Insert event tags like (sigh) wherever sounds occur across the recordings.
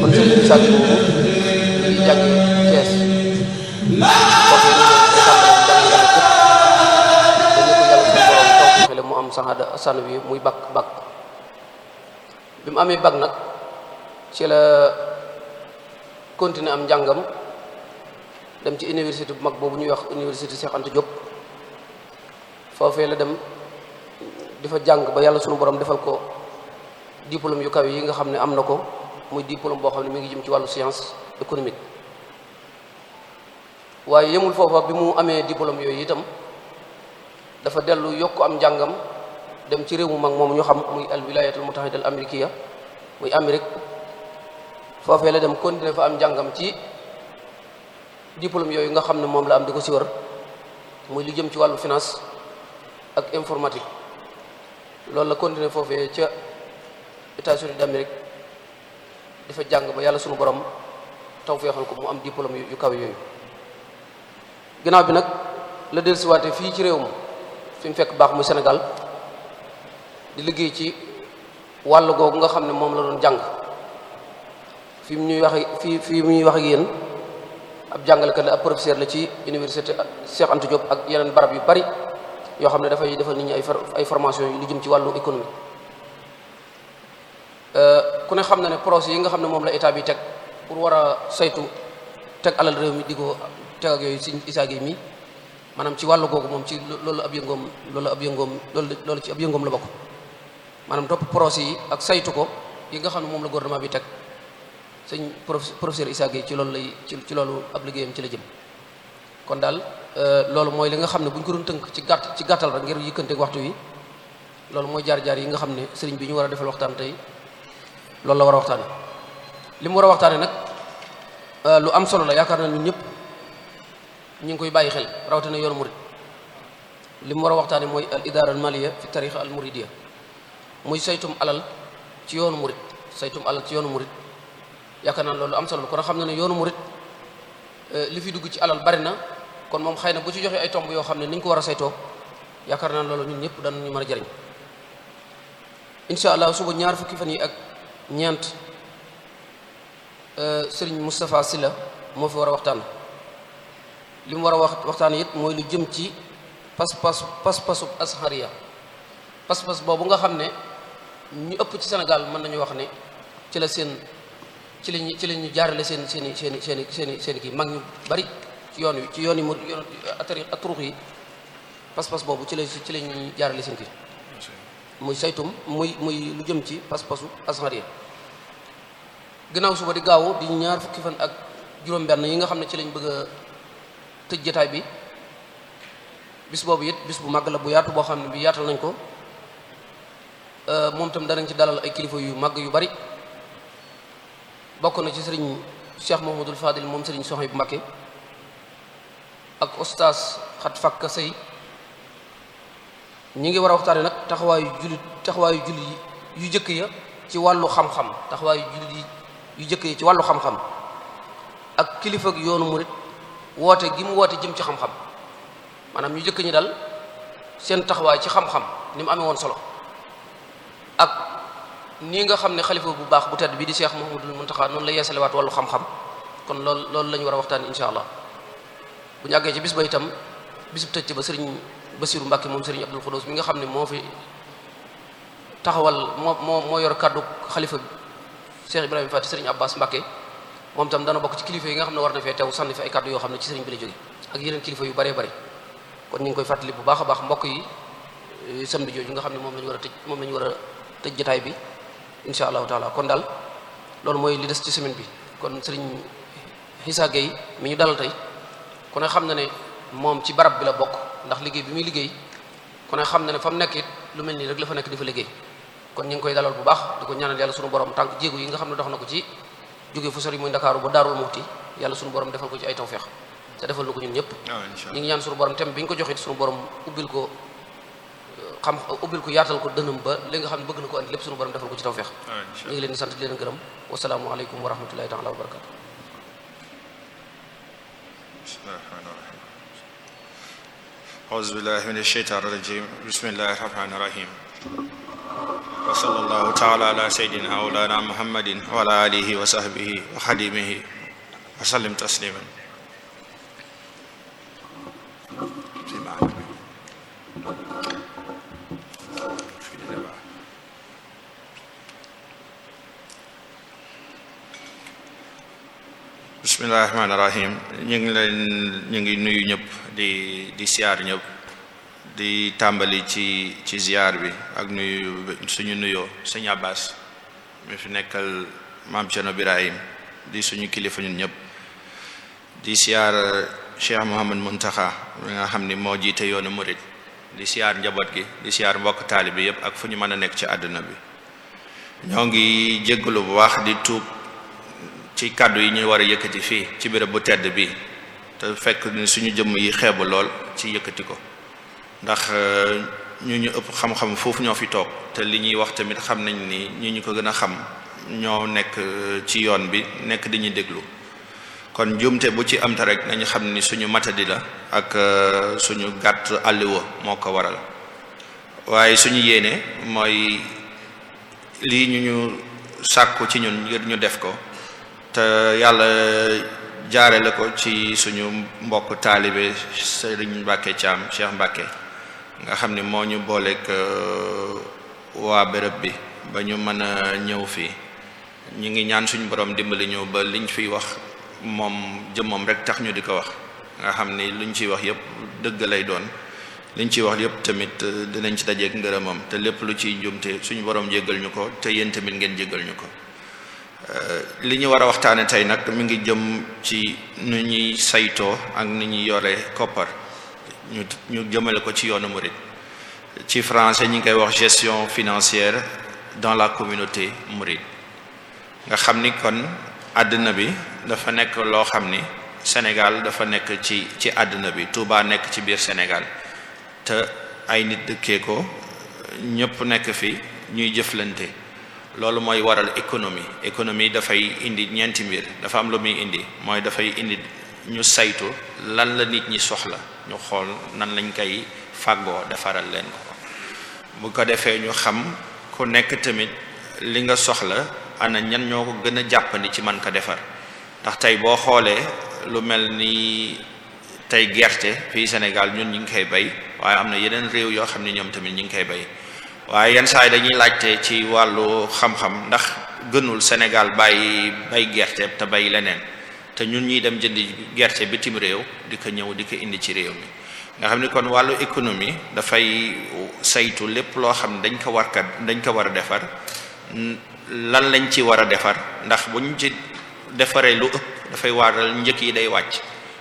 kon sëñ Sadio Mbow Cees mu am saxaada sànn bi muy bakk bakk bi mu amee bakk nag ci la continuer am njàngam dem ci université bu mag boobu ñuy wax université Cheikh Anta Diop foofee la dem di fa jàng ba yàlla sunu borom defal ko diplôme yu kaw yi nga xam ne am na ko muy diplôme boo xam ne mi ngi jëm ci wàllu science économique waaye yëmul foofa bi mu amee diplôme yooyu itam dafa dellu yokk am njàngam dem ci réew mu mag moom ñu xam muy al wilayatul mutahida al amrikiya muy Amérique foofee la dem continuer fa am njàngam ci diplôme yooyu nga xam ne moom la am di ko si wër muy lu jëm ci wàllu finance ak informatique loolu la continuer foofee ca États-Unis d'Amérique dafa jàng ba yàlla sunu borom tawfeexal ko mu am diplôme yu kaw yooyu ginnaaw bi nag la dellusiwaate fii ci réew ma fi mu fekk baax muy senegal di liggéey ci wàll googu nga xam ne moom la doon jàng fi mu ñuy wax fii fii mu ñuy wax ak yéen ab ka la ab professeur la ci université Cheikh Anta Diop ak yeneen barab yu bari yoo xam ne dafay defal nit ñi ay ay formation yu lu jëm ci wàllu économie Euh, ku ne xam na ne projet yi nga xam ne moom la état bi teg pour war a saytu teg alal réew mi di ko teg ak yooyu si Issa mi maanaam ci wàllu googu moom ci loolu ab yëngoom loolu ab yëngoom loolu loolu ci ab yëngoom la bokk maanaam topp projet yi ak saytu ko yi nga xam ne moom la gouvernement bi teg sëñ professeur Issa Gueye ci loolu lay ci ci loolu ab liggéeyam ci la jëm kon daal euh, loolu mooy li nga xam ne bu ñu ko doon tënk ci gàtt ci gàttal rek ngir yëkkante waxtu wi loolu mooy jaar-jaar yi nga xam ne sëriñ bi ñu war a defal waxtaan tey loolu la war a waxtaan li mu war a waxtaane nag euh, lu am solo la yaakaar na ñun ñëpp ñu ngi koy bàyyi xel rawatina yoonu murid li mu war a waxtaane mooy al idaara al maliya fi tarixa muy saytum alal ci yoonu murid saytum alal ci yoonu murid yaakaar naa loolu am solo la kon xam ne ne yoonu murid euh, li fi dugg ci alal bari na kon moom xëy na bu ci joxe ay tomb yoo xam ne ni ñu ko war a saytoo yaakaar naa loolu ñun ñëpp danañu mën a jariñ allah suba ñaar fukki fan yi ñeent euh, sëriñ Moustapha Sylla moo fi war a waxtaan li mu war a wax waxtaan yit mooy lu jëm ci pas-pas pas-pasub asxariya pas-pas boobu nga xam ne ñu ëpp ci Sénégal mën nañu wax ne ci la seen ci la ñu ci la ñu jaarale seen seen i seen i seen i seen i seen i kii mag ñu bari ci yoon wi ci yoon yi mu yoon atari aturux yi pas-pas boobu ci la ci la ñu jaarale seen kii muy saytum muy muy lu jëm ci pas-pasu ashariya gannaaw suba di gaawu di ñaar fukki fan ak juróom-benn yi nga xam ne ci lañ bëgg a tëj jataay bi bis boobu it bis bu màgg la bu yaatu boo xam ne bi yaatal nañ ko moom tam danañ ci dalal ay kilifa yu màgg yu bari bokk na ci sëriñ Cheikh Mouhamadoul Fadil moom sëriñ Soxna bu Mbakke ak ostaas xat fakk sëy ñi ngi war a waxtaane nag taxawaayu jullit taxawaayu jullit yu jëkk ya ci wàllu xam-xam taxawaayu jullit yu jëkk ya ci wàllu xam-xam ak kilifa ak yoonu murit woote gi mu woote jëm ci xam-xam maanaam ñu jëkk ñi dal seen taxawaay ci xam-xam ni mu amee woon solo ak nii nga xam ne xalifa bu baax bu tedd bi di Cheikh Mouhamadoul Mountakha noonu la yeesalewaat wàllu xam-xam kon loolu loolu la ñu war a waxtaan insha allah bu ñu àggee ci bis ba itam bisub tëj ba sëriñ Basiru Mbàkke moom Serigne Abdul Xudoos mi nga xam ne moo fi taxawal moo moo moo yor kàddu xalifa bi Cheikh Ibrahima Faty Serigne Abbas Mbàkke moom tam dana bokk ci kilifa yi nga xam ne war na fee teew sànni fi ay kàddu yoo xam ne ci Serigne bi la jóge ak yeneen kon ñu ngi koy fàttali bu baax a baax mbokk yi eh, samedi jooju nga xam ne moom la war a tëj moom ñu war a tëj jotaay bi incha allahu taala kon daal loolu mooy li des ci semaine bi kon Serigne Issa Gueye mi ñu dalal tey ku ne xam na ne moom ci barab bi la bokk. ndax liggéey bi muy liggéey ku ne xam na ne fa mu nekk it lu mel nii rek la fa nekk di fa liggéey kon ñu ngi koy dalal bu baax di ko ñaanal yàlla sunu borom tànk jéego yi nga xam ne dox na ko ci jóge fu sori muy ndakaaru ba yàlla sunu borom defal ko ci ay tawféex te defal na ko ñun ñëpp ah, ñu ngi ñaan sunu borom tem bi ñu ko joxit sunu borom ubbil ko xam ubbil ko yaatal ko dënam ba li nga xam ne bëgg na ko andi lépp sunu borom defal ko ci tawféex ah, ñu ngi leen di sant di leen gërëm wasalaamualeykum wa rahmatullahi auzubillahi min asheytaan irajim bismillahi rahmaani rahim wa sallallahu taala ala seydina mawlana muhammadin wa ala alihi wa sahbihi wa xadimihi wa sallim tasliman bismillahi rahmaani ñu ngi leen ñu ngi nuyu ñëpp di di siyaar ñëpp di tàmbali ci ci ziyaar bi ak nuyu suñu nuyoo sëñ Abbas mi fi nekkal maam Cerno Birahim di suñu kilifa ñun ñëpp di siyaar Cheikh Mouhamad Muntaxa mi nga xam ni moo jiite yoonu murid di siyaar njaboot gi di siyaar mbokk bi yëpp ak fu ñu mën a nekk ci àdduna bi ñoo ngi jéggalu bu baax di tuub ci kàddu yi ñuy war a yëkkati fii ci béréb bu tedd bi te fekk ni suñu jëmm yi xeebu lool ci yëkkati ko ndax euh, ñu ñu ëpp xam-xam foofu ñoo fi toog te li ñuy wax tamit xam nañ ni ñu ñu ko gën a xam ñoo nekk euh, ci yoon bi nekk di ñu déglu kon njuumte bu ci amte rek nañu xam ni suñu matadi la ak euh, suñu gàtt àlliwa moo ko waral waaye suñu yéene mooy lii ñu ñu sàkku ci ñun ngir ñu def ko te yàlla jaare la ko ci suñu mbokk taalibe Serigne Mbacke Thiam Cheikh Mbacke nga xam ni moo ñu booleeg euh, waa béréb bi ba ñu mën a ñëw fii ñu ngi ñaan suñu borom dimbali ñëw ba liñ fiy wax moom jëmmam rek tax ñu di ko wax nga xam ni luñ ciy wax yëpp dëgg lay doon liñ ciy wax yëpp tamit euh, dinañ ci dajeeg ngërëmam te lépp lu ciy njumte suñu borom jéggal ñu ko te yéen tamit ngeen jéggal ñu ko Euh, li ñu war a waxtaane tey nag mi ngi jëm ci nu ñuy saytoo ak nu ñuy yore koppar ñu ñu jëmale ko ci yoonu murid ci français ñi ngi koy wax gestion financière dans la communauté mouride nga xam ni kon àddina bi dafa nekk loo xam ni Sénégal dafa nekk ci ci àddina bi Touba nekk ci biir Sénégal te ay nit dëkkee ko ñëpp nekk fi ñuy jëflante loolu mooy waral économie économie dafay indi ñeenti mbir dafa am lu muy indi mooy dafay indi ñu saytu lan la nit ñi soxla ñu xool nan lañ koy fàggoo defaral leen ko bu ko defee ñu xam ku nekk tamit li nga soxla ana ñan ñoo ko gën a jàppandi ci man ko defar ndax tey boo xoolee lu mel ni tey gerte fii Sénégal ñun ñu koy bay waaye am na yeneen réew yoo xam ne ñoom tamit ñu ngi koy bay waaye yenn saa yi dañuy laajte ci wàllu xam-xam ndax gënul Sénégal bàyyi bay gerte te bay leneen te ñun ñuy dem jënd gerte bitim réew di ko ñëw di ko indi ci réew mi nga xam ni kon wàllu économie dafay saytu lépp loo xam dañ ko war dañ ko war a defar lan lañ ci war a defar ndax bu ñu ci defaree lu ëpp dafay waral njëkk yi day wàcc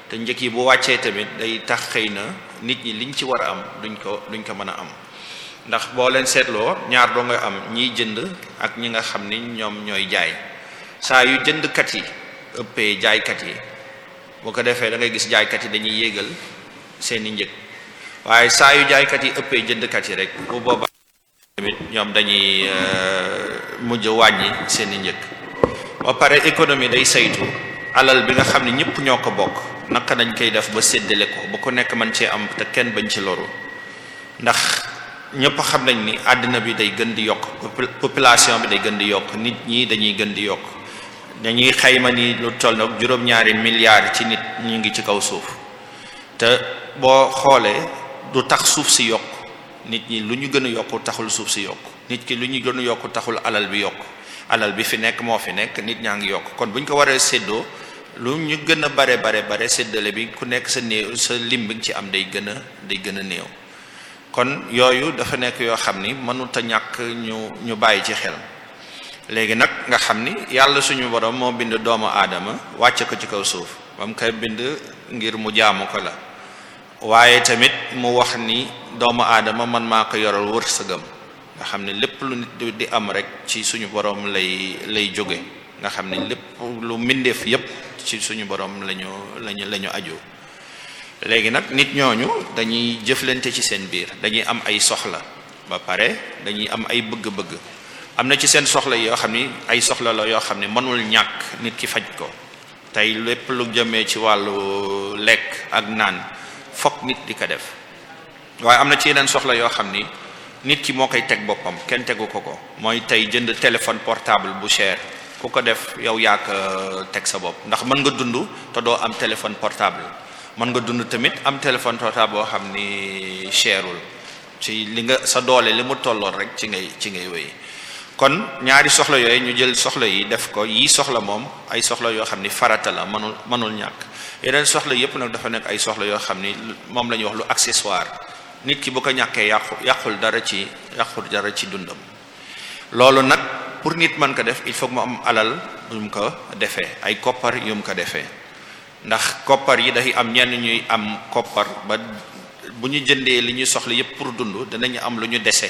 te njëkk yi bu wàccee tamit day tax xëy na nit ñi liñ ci war a am duñ ko duñ ko mën a am ndax boo leen seetloo ñaar doo nga am ñiy jënd ak ñi nga xam ni ñoom ñooy jaay saa yu jëndkat yi ëppee jaaykat yi bu ko defee da ngay gis jaaykat yi dañuy yéegal seeni njëg waaye saa yu jaaykat yi ëppee jëndkat yi rek bu boobaa tamit ñoom dañuy euh, mujj wàññi seeni njëg ba pare économie day saytu alal bi nga xam ne ñëpp ñoo ko bokk naka nañ koy def ba séddale ko ba ko nekk mën cee am te kenn bañ ci loru ndax ñëpp xam nañ ni àddina bi day gën di yokk population bi day gën di yokk nit ñi dañuy gën di yokk dañuy xayma ni lu toll nag juróom-ñaari milliards ci nit ñu ngi ci kaw suuf te boo xoolee du tax suuf si yokk nit ñi lu ñu gën a yokk taxul suuf si yokk nit ki lu ñu gën a yokk taxul alal bi yokk alal bi fi nekk moo fi nekk nit ñaa ngi yokk kon bu ñu ko waree séddoo lu ñu gën a bare bare bare séddale bi ku nekk sa néew sa lim bi ci am day gën a day gën a néew kon yooyu dafa nekk yoo xam ni mënut a ñàkk ñu ñu bàyyi ci xel léegi nag nga xam ni yàlla suñu borom moo bind doomu aadama wàcce ko ci kaw suuf ba mu bind ngir mu jaamu ko la waaye tamit mu wax ni doomu aadama man maa ko yoral wërsëgam nga xam ne lépp lu nit di am rek ci suñu boroom lay lay jóge nga xam ne lépp lu mbindeef yépp ci suñu borom lañu lañu lañu ajo léegi nag nit ñooñu dañuy jëflante ci seen biir dañuy am ay soxla ba pare dañuy am ay bëgg-bëgg am na ci seen soxla yoo xam ni ay soxla la yoo xam ni mënul ñàkk nit ki faj ko tey lépp lu jëmee ci wàllu lekk ak naan fokk nit di ko def waaye am na ci yeneen soxla yoo xam ni nit ki moo koy teg boppam kenn tegu ko ko mooy tey jënd téléphone portable bu cher ku ko def yow yaa ko teg sa bopp ndax mën nga dund te doo am téléphone portable mën nga dund tamit am téléphone portable boo xam ni cherul ci li nga sa doole li mu tolloon rek ci ngay ci ngay wéy kon ñaari soxla yooyu ñu jël soxla yi def ko yii soxla moom ay soxla yoo xam ni farata la mënul mënul ñàkk yeneen soxla yépp nag dafa nekk ay soxla yoo xam ni moom la ñuy wax lu accessoire nit ki bu ko ñàkkee yàqu yàqul dara ci yàqul dara ci dundam loolu nag pour nit mën ko def il faut que mu am alal yu mu ko defee ay koppar yu mu ko defee ndax koppar yi dafay am ñenn ñuy am koppar ba bu ñu jëndee li ñuy soxla yépp pour dund dinañu am lu ñu dese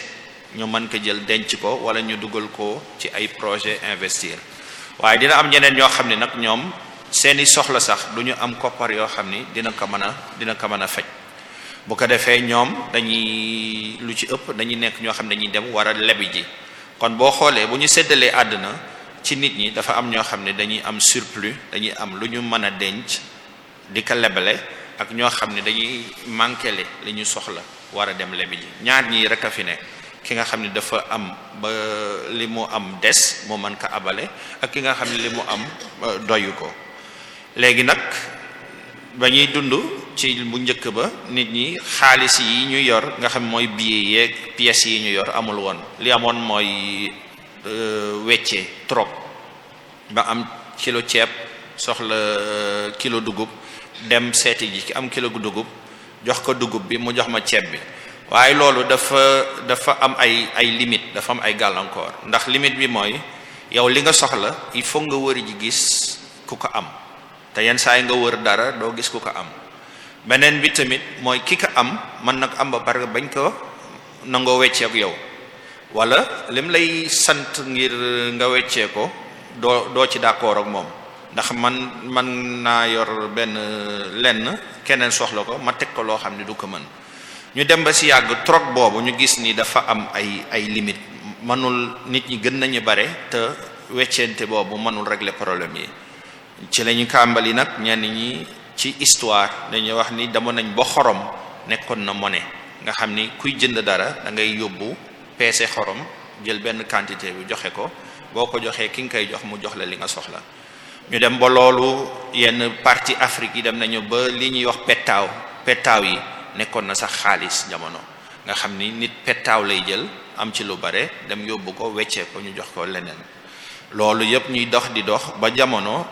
ñu mën ko jël denc ko wala ñu dugal ko ci ay projet investir waaye dina am ñeneen ñoo xam ne nag ñoom seeni soxla sax du ñu am koppar yoo xam ni dina ko mën a dina ko mën a faj bu ko defee ñoom dañuy lu ci ëpp dañuy nekk ñoo xam ne dañuy dem war a lebi ji kon boo xoolee bu ñu séddalee àdduna ci nit ñi dafa am ñoo xam ne dañuy am surplu dañuy am lu ñu mën a denc di ko lebale ak ñoo xam ne dañuy manquele li ñu soxla war a dem lebi ji ñaar ñii rek a fi ne ki nga xam ne dafa am ba li mu am des mu mën ko abale ak ki nga xam ne li mu am doyu ko léegi nag ba ñuy dund ci bu njëkk ba nit ñi xaalis yi ñu yor nga xam mooy billets yeeg pièces yi ñu yor amul woon li amoon mooy Euh, weccee trop ba am kilo ceeb soxla euh, kilo dugub dem seeti ji ki am kilo dugub jox ko dugub bi mu jox ma ceeb bi waaye loolu dafa dafa am ay ay limite dafa am ay gàllankoor ndax limite bi mooy yow li nga soxla il faut nga wëri ji gis ku ko am te yenn saa yi nga wër dara doo gis ku ko am beneen bi tamit mooy ki ko am mën nag ko am ba pare bañ ko nangoo weccee ak yow wala lim lay sant ngir nga weccee ko doo doo ci d'accord ak moom ndax man man naa yor benn lenn keneen soxla ko ma teg ko loo xam ne du ko mën ñu dem ba si yàgg trop boobu ñu gis ni dafa am ay ay limites mënul nit ñi gën nañu bare te weccente boobu mënul régler problème yi ci lañu kàmbali nag ñenn ñi ci histoire dañuy wax ni dama nañ ba xorom nekkoon na monnaie nga xam ni kuy jënd dara da ngay yóbbu peese xorom jël benn quantité bi joxe ko boo ko joxee ki nga koy jox mu jox la li nga soxla ñu dem ba loolu yenn partie Afrique yi dem nañu ba li ñuy wax pettaaw pettaaw yi nekkoon na sax xaalis jamono nga xam ni nit pettaaw lay jël am ci lu bare dem yóbbu ko weccee ko ñu jox ko leneen loolu yëpp ñuy dox di dox ba jamono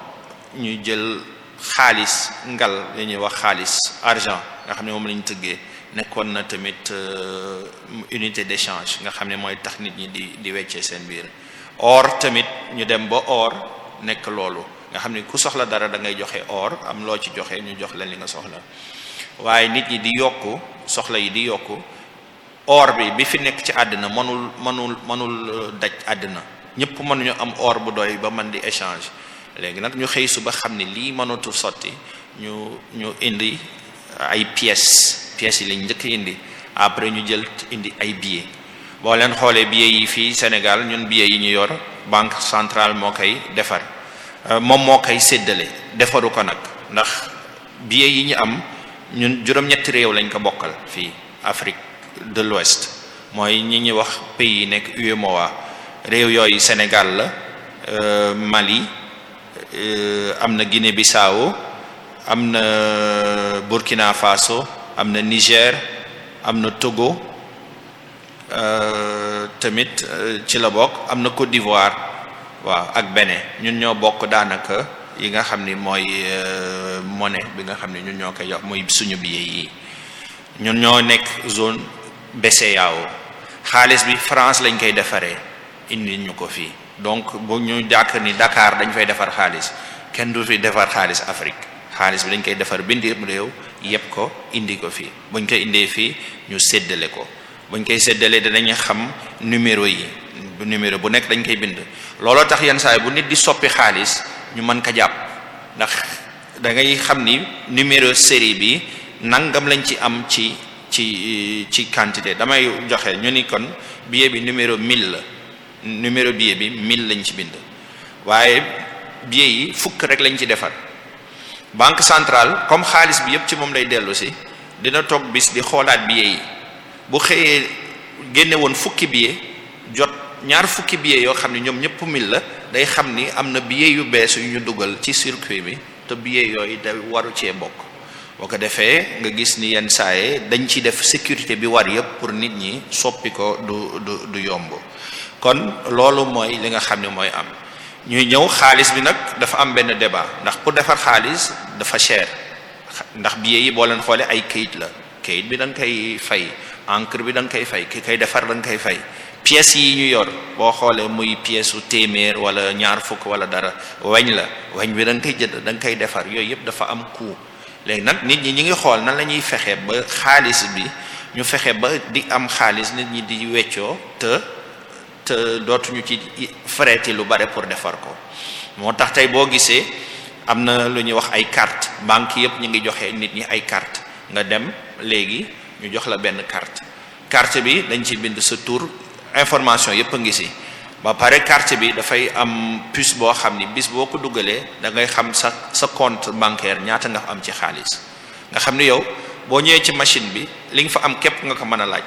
ñuy jël xaalis ngal li ñuy wax xaalis argent nga xam ne moom lañu tëggee nekkoon na tamit euh, unité d'échange nga xam ne mooy tax nit ñi di di weccee seen biir or tamit ñu dem ba or nekk loolu nga xam ne ku soxla dara da ngay joxe or am loo ci joxe ñu jox leen li nga soxla waaye nit ñi di yokku soxla yi di yokku or bi bi fi nekk ci àddina mënul mënul mënul euh, daj àddina ñëpp mënuñu am or bu doy ba mën di échange léegi nag ñu xëy suba xam ne lii mënatul sotti ñu ñu indi ay pièces pièces yi lañ njëkk indi après ñu jël indi ay billets boo leen xoolee billets yi fii Sénégal ñun billets yi ñu yor banque centrale moo koy defar euh, moom moo koy séddale defaru ko nag ndax bie yi ñu am ñun juróom-ñetti réew lañ ko bokkal fii Afrique de l'Ouest mooy ñi ñuy wax pays yi nekk UEMOA réew yooyu Sénégal la euh, Mali euh, am na Guinée-Bissau am na Burkina Faso am na Niger am na Togo euh, tamit euh, ci la bokk am na Côte d'Ivoire waaw ak bene ñun ñoo bokk daanaka yi nga xam ni mooy euh, monnaie bi nga xam ni ñun ñoo koy jox muy suñu billet yi ñun ñoo nekk zone BCEAO xaalis bi France lañ koy defaree indi ñu ko fii donc bu ñu jàkk ni dakaar dañ fay defar xaalis kenn du fi defar xaalis Afrique xaalis bi dañ koy defar bindim réew yépp ko indi ko fii buñ koy indee fii ñu séddale ko buñ koy séddalee danañ xam numéro yi numéro bu nekk dañ koy bind looloo tax yenn saa bu nit di soppi xaalis ñu mën ko jàpp ndax da ngay xam ni numéro série bi nangam lañ ci am ci ci ci quantité damay joxe ñu ni kon billet bi numéro 1000 la numéro billet bi 1000 lañ ci bind waaye billet yi fukk rek lañ ci defar banque centrale comme xaalis bi yépp ci moom lay dellu si dina toog bis di xoolaat billet yi bu xëyee génnewoon woon fukki billet jot ñaar fukki billet yoo xam ne ñoom ñëpp mil la day xam ni am na billet yu bees yu ñu dugal ci circuit bi te billet yooyu da waru cee bokk boo ko defee nga gis ni yenn saaye dañ ci def sécurité bi war yëpp pour nit ñi soppi ko du du du yomb kon loolu mooy li nga xam ne mooy am ñuy ñëw xaalis bi nag dafa am benn débat ndax pour defar xaalis dafa cher ndax billet yi boo leen xoolee ay kayit la kayit bi da nga koy fay encre bi da nga koy fay ki kay defar da nga koy fay pièces yi ñu yor boo xoolee muy pièce su téeméer wala ñaar fukk wala dara weñ la weñ bi da nga koy jënd da nga koy defar yooyu yëpp dafa am coût léegi nag nit ñi ñu ngi xool nan la ñuy fexe ba xaalis bi ñu fexe ba di am xaalis nit ñi di weccoo te te dootuñu ci frais lu bare pour defar ko moo tax tey boo gisee am na lu ñuy wax ay carte banque yépp ñu ngi joxee nit ñi ay carte nga dem léegi ñu jox la benn carte carte bi dañ ci bind sa tour information yépp a ngi si ba pare carte bi dafay am puce boo xam ni bis boo ko dugalee da ngay xam sa sa compte bancaire ñaata nga am ci xaalis nga xam ni yow boo ñëwee ci machine bi li nga fa am képp nga ko mën a laaj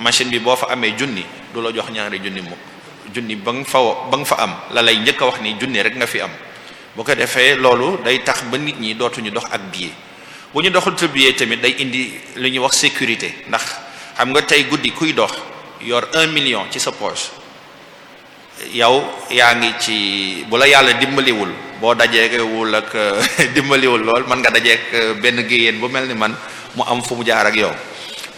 machine bi boo fa amee junni du la jox ñaari junni mu junni ba nga fa ba nga fa am la lay njëkk a wax ni junni rek nga fi am bu ko defee loolu day tax ba nit ñi dootuñu dox ak billet bu ñu doxul te billet tamit day indi lu ñuy wax sécurité ndax xam nga tey guddi kuy dox yor un million ci sa poche yow yaa ngi ci bu la yàlla dimbaliwul boo dajee dajeewul ak (laughs) dimbaliwul lool mën nga dajeek benn géyéen bu mel ni man mu am fu mu jaar ak yow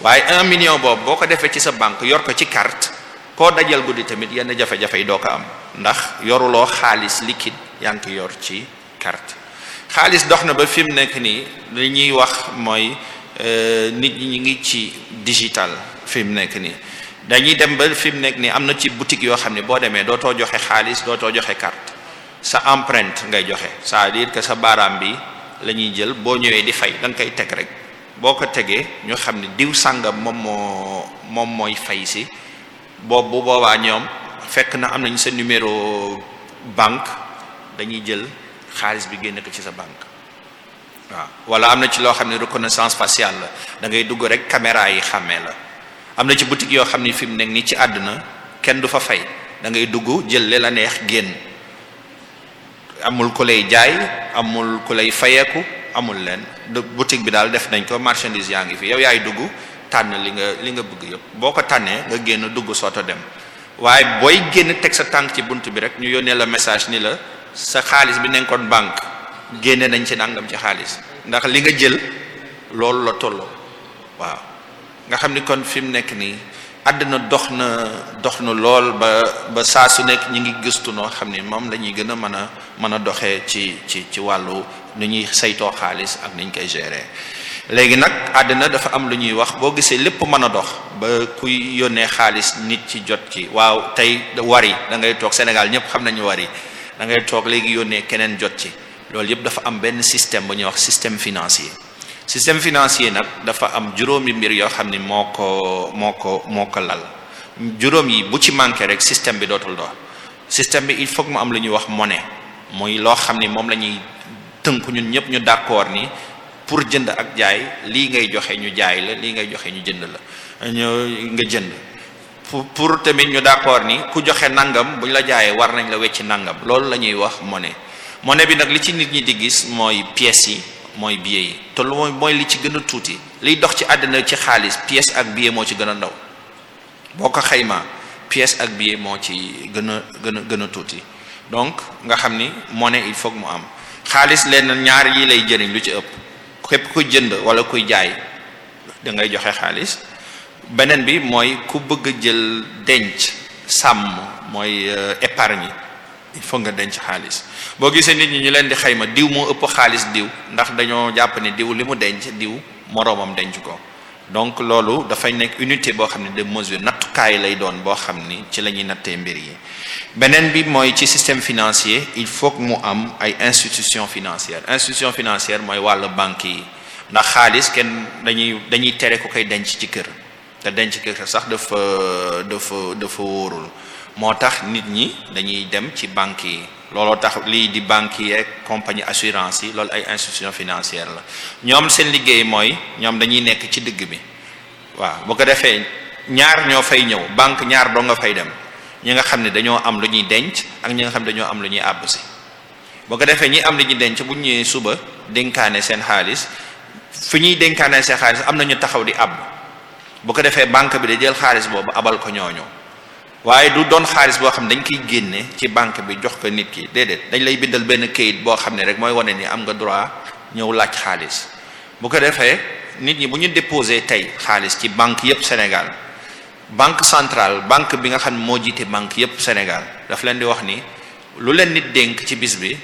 waaye un million boobu boo ko defee ci sa banque yor ko ci carte koo dajal guddi tamit yenn jafe-jafe yi doo ko am ndax yoruloo xaalis liquide yaa yor ci carte xaalis dox na ba fi mu nekk nii li ñuy wax mooy euh, nit ñi ngi ci digital fi mu nekk nii dañuy dem ba fi mu nekk nii am na ci boutique yoo xam ne boo demee doo too joxe xaalis doo too joxe carte sa empreinte ngay joxe saa diir dire que sa baaraam bi la ñuy jël boo ñëwee di fay da nga koy teg rek boo ko tegee ñoo xam ne diw sàngam moom moo moom mooy fay si boobu bu boobaa ñoom fekk na am nañu sa numéro banque dañuy jël xaalis bi génn ko ci sa banque waaw wala am na ci loo xam ne reconnaissance faciale la da dugg rek caméra yi xàmmee la am na ci boutique yoo xam ne fi nekk nii ci àdduna kenn du fa fay dangay dugg jël leen a neex génn amul ku lay jaay amul ku lay fayeeku amul leen boutique bi daal def nañ ko marchandise yaa ngi fi yow yaay dugg tànn li nga li nga bëgg yëpp boo ko tànnee nga génn dugg soto dem waaye booy génn teg sa tànk ci bunt bi rek ñu yónnee la message ni la sa xaalis bi nekkoon banque génne nañ ci nàngam ci xaalis ndax li nga jël loolu la tolloo waaw nga xam ni kon fi mu nekk nii àddina dox na dox na lool ba ba saa su nekk ñi ngi gëstu noo xam ni moom la ñuy gën a mën a mën a doxee ci ci ci wàllu nu ñuy saytoo xaalis ak ni ñu koy gérer léegi nag àddina dafa am lu ñuy wax boo gisee lépp mën a dox ba kuy yónnee xaalis nit ci jot ci waaw tey wari da ngay toog Sénégal ñëpp xam nañu wari da ngay toog léegi yónnee keneen jot ci loolu yëpp dafa am benn système bu ñuy wax système financier système financier nag dafa am juróomi mbir yoo xam ni moo ko moo ko moo ko lal juróom yi bu ci manqué rek système bi dootul dox système bi il faut mu am lu ñuy wax monnaie muy loo xam ni moom la ñuy tënku ñun ñëpp ñu d'accord ni pour jënd ak jaay lii ngay joxe ñu jaay la lii ngay joxe ñu jënd la ñu nga jënd pour pour tamit ñu d'accord ni ku joxe nangam buñ la jaayee war nañ la wecci nangam loolu la ñuy wax mone mone bi nag li ci nit ñi di gis mooy pièces yi mooy billets yi te lu mooy li ci gën a tuuti liy dox ci àddina ci xaalis pièce ak billet moo ci gën a ndaw boo ko xaymaa pièce ak billet moo ci gën a gën a gën a tuuti donc nga xam ni mone il faut mu am. xaalis leen ñaar yi lay jëriñ lu ci ëpp képp ku jënd wala kuy jaay da ngay joxe xaalis beneen bi mooy ku bëgg jël denc sàmm mooy euh, épargne il faut nga denc xaalis boo gisee nit ñi ñu leen di xayma diw moo ëpp xaalis diw ndax dañoo jàpp ne diw li mu denc diw moroomam denc ko donc loolu dafay nekk unité boo xam ne de mesure nattukaay lay doon boo xam ni ci la ñuy nattee mbir yi beneen bi mooy ci système financier il faut que mu am ay institution financière institution financière mooy wàllu banque yi ndax xaalis kenn dañuy dañuy tere ku koy denc ci kër te denc kër sax dafa dafa dafa wóorul moo tax nit ñi dañuy dem ci banque yi looloo tax lii di banque yeeg compagnie assurance yi loolu ay institution financière la ñoom seen liggéey mooy ñoom dañuy nekk ci digg bi waaw bu ko defee ñaar ñoo fay ñëw banque ñaar doo nga fay dem ñi nga xam ne dañoo am lu ñuy denc ak ñi nga xam ne dañoo am lu ñuy àbb si boo ko defee ñi am lu ñuy denc bu ñu ñëwee suba dénkaane seen xaalis fi ñuy dénkaane seen xaalis am na ñu taxaw di àbb bu ko defee banque bi da jël xaalis boobu abal ko ñooñu waaye du doon xaalis boo xam ne dañ koy génne ci banque bi jox ko nit ki déedéet dañ lay bindal benn kayit boo xam ne rek mooy wane ni am nga droit ñëw laaj xaalis bu ko defee nit ñi bu ñu déposé tey xaalis ci banque yépp Sénégal banque centrale banque bi nga xam ne moo jiite banque yépp Sénégal daf leen di wax ni lu leen nit dénk ci bis bi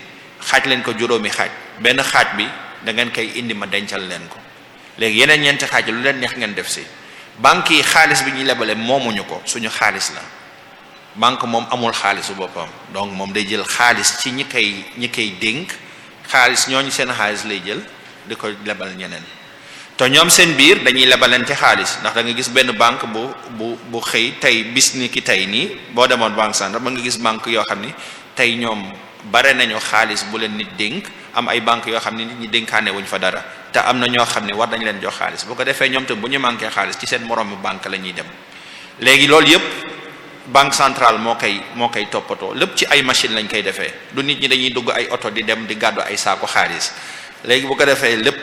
xaaj leen ko juróomi xaaj benn xaaj bi da ngeen koy indi ma dencal leen ko léegi yeneen ñeenti xaaj lu leen neex ngeen def si banque yi xaalis bi ñuy lebale moomuñu ko suñu xaalis la banque moom amul xaalisu boppam donc moom day jël xaalis ci ñi koy ñi koy dénk xaalis ñooñu seen xaalis lay jël di ko lebal ñeneen te ñoom seen biir dañuy ci xaalis ndax da gis benn banque bu bu bu xëy tey bis ni ki tey nii boo demoon banque centrale ba nga gis banque yoo xam ni tey ñoom bare nañu xaalis bu leen nit dénk am ay banque yoo xam ni nit ñi dénkaane wuñ fa dara te am na ñoo xam ne war nañ leen jox xaalis boo ko defee ñoom te bu ñu manqué xaalis ci seen moroomu banque la ñuy dem léegi loolu yëpp banque centrale moo koy moo koy toppatoo lépp ci ay machine lañ koy defee lu nit ñi dañuy dugg ay oto di dem di gàddu ay saako xaalis léegi bu ko defee lépp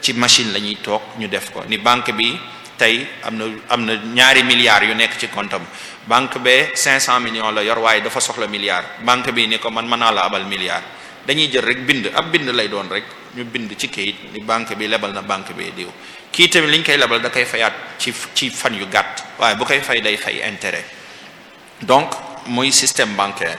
ci machine la ñuy toog ñu def ko ni banque bi tey am na am na ñaari milliards yu nekk ci compte banque bee cinq cent millions la yor waaye dafa soxla milliard banque bi ni ko man mën naa la abal milliard dañuy jël rek bind ab bind lay doon rek ñu bind ci kayit ni banque bi lebal na banque bi diw kii tamit li ñu koy lebal da fayaat ci ci fan yu gàtt waaye bu koy fay day fay intérêt donc muy système bancaire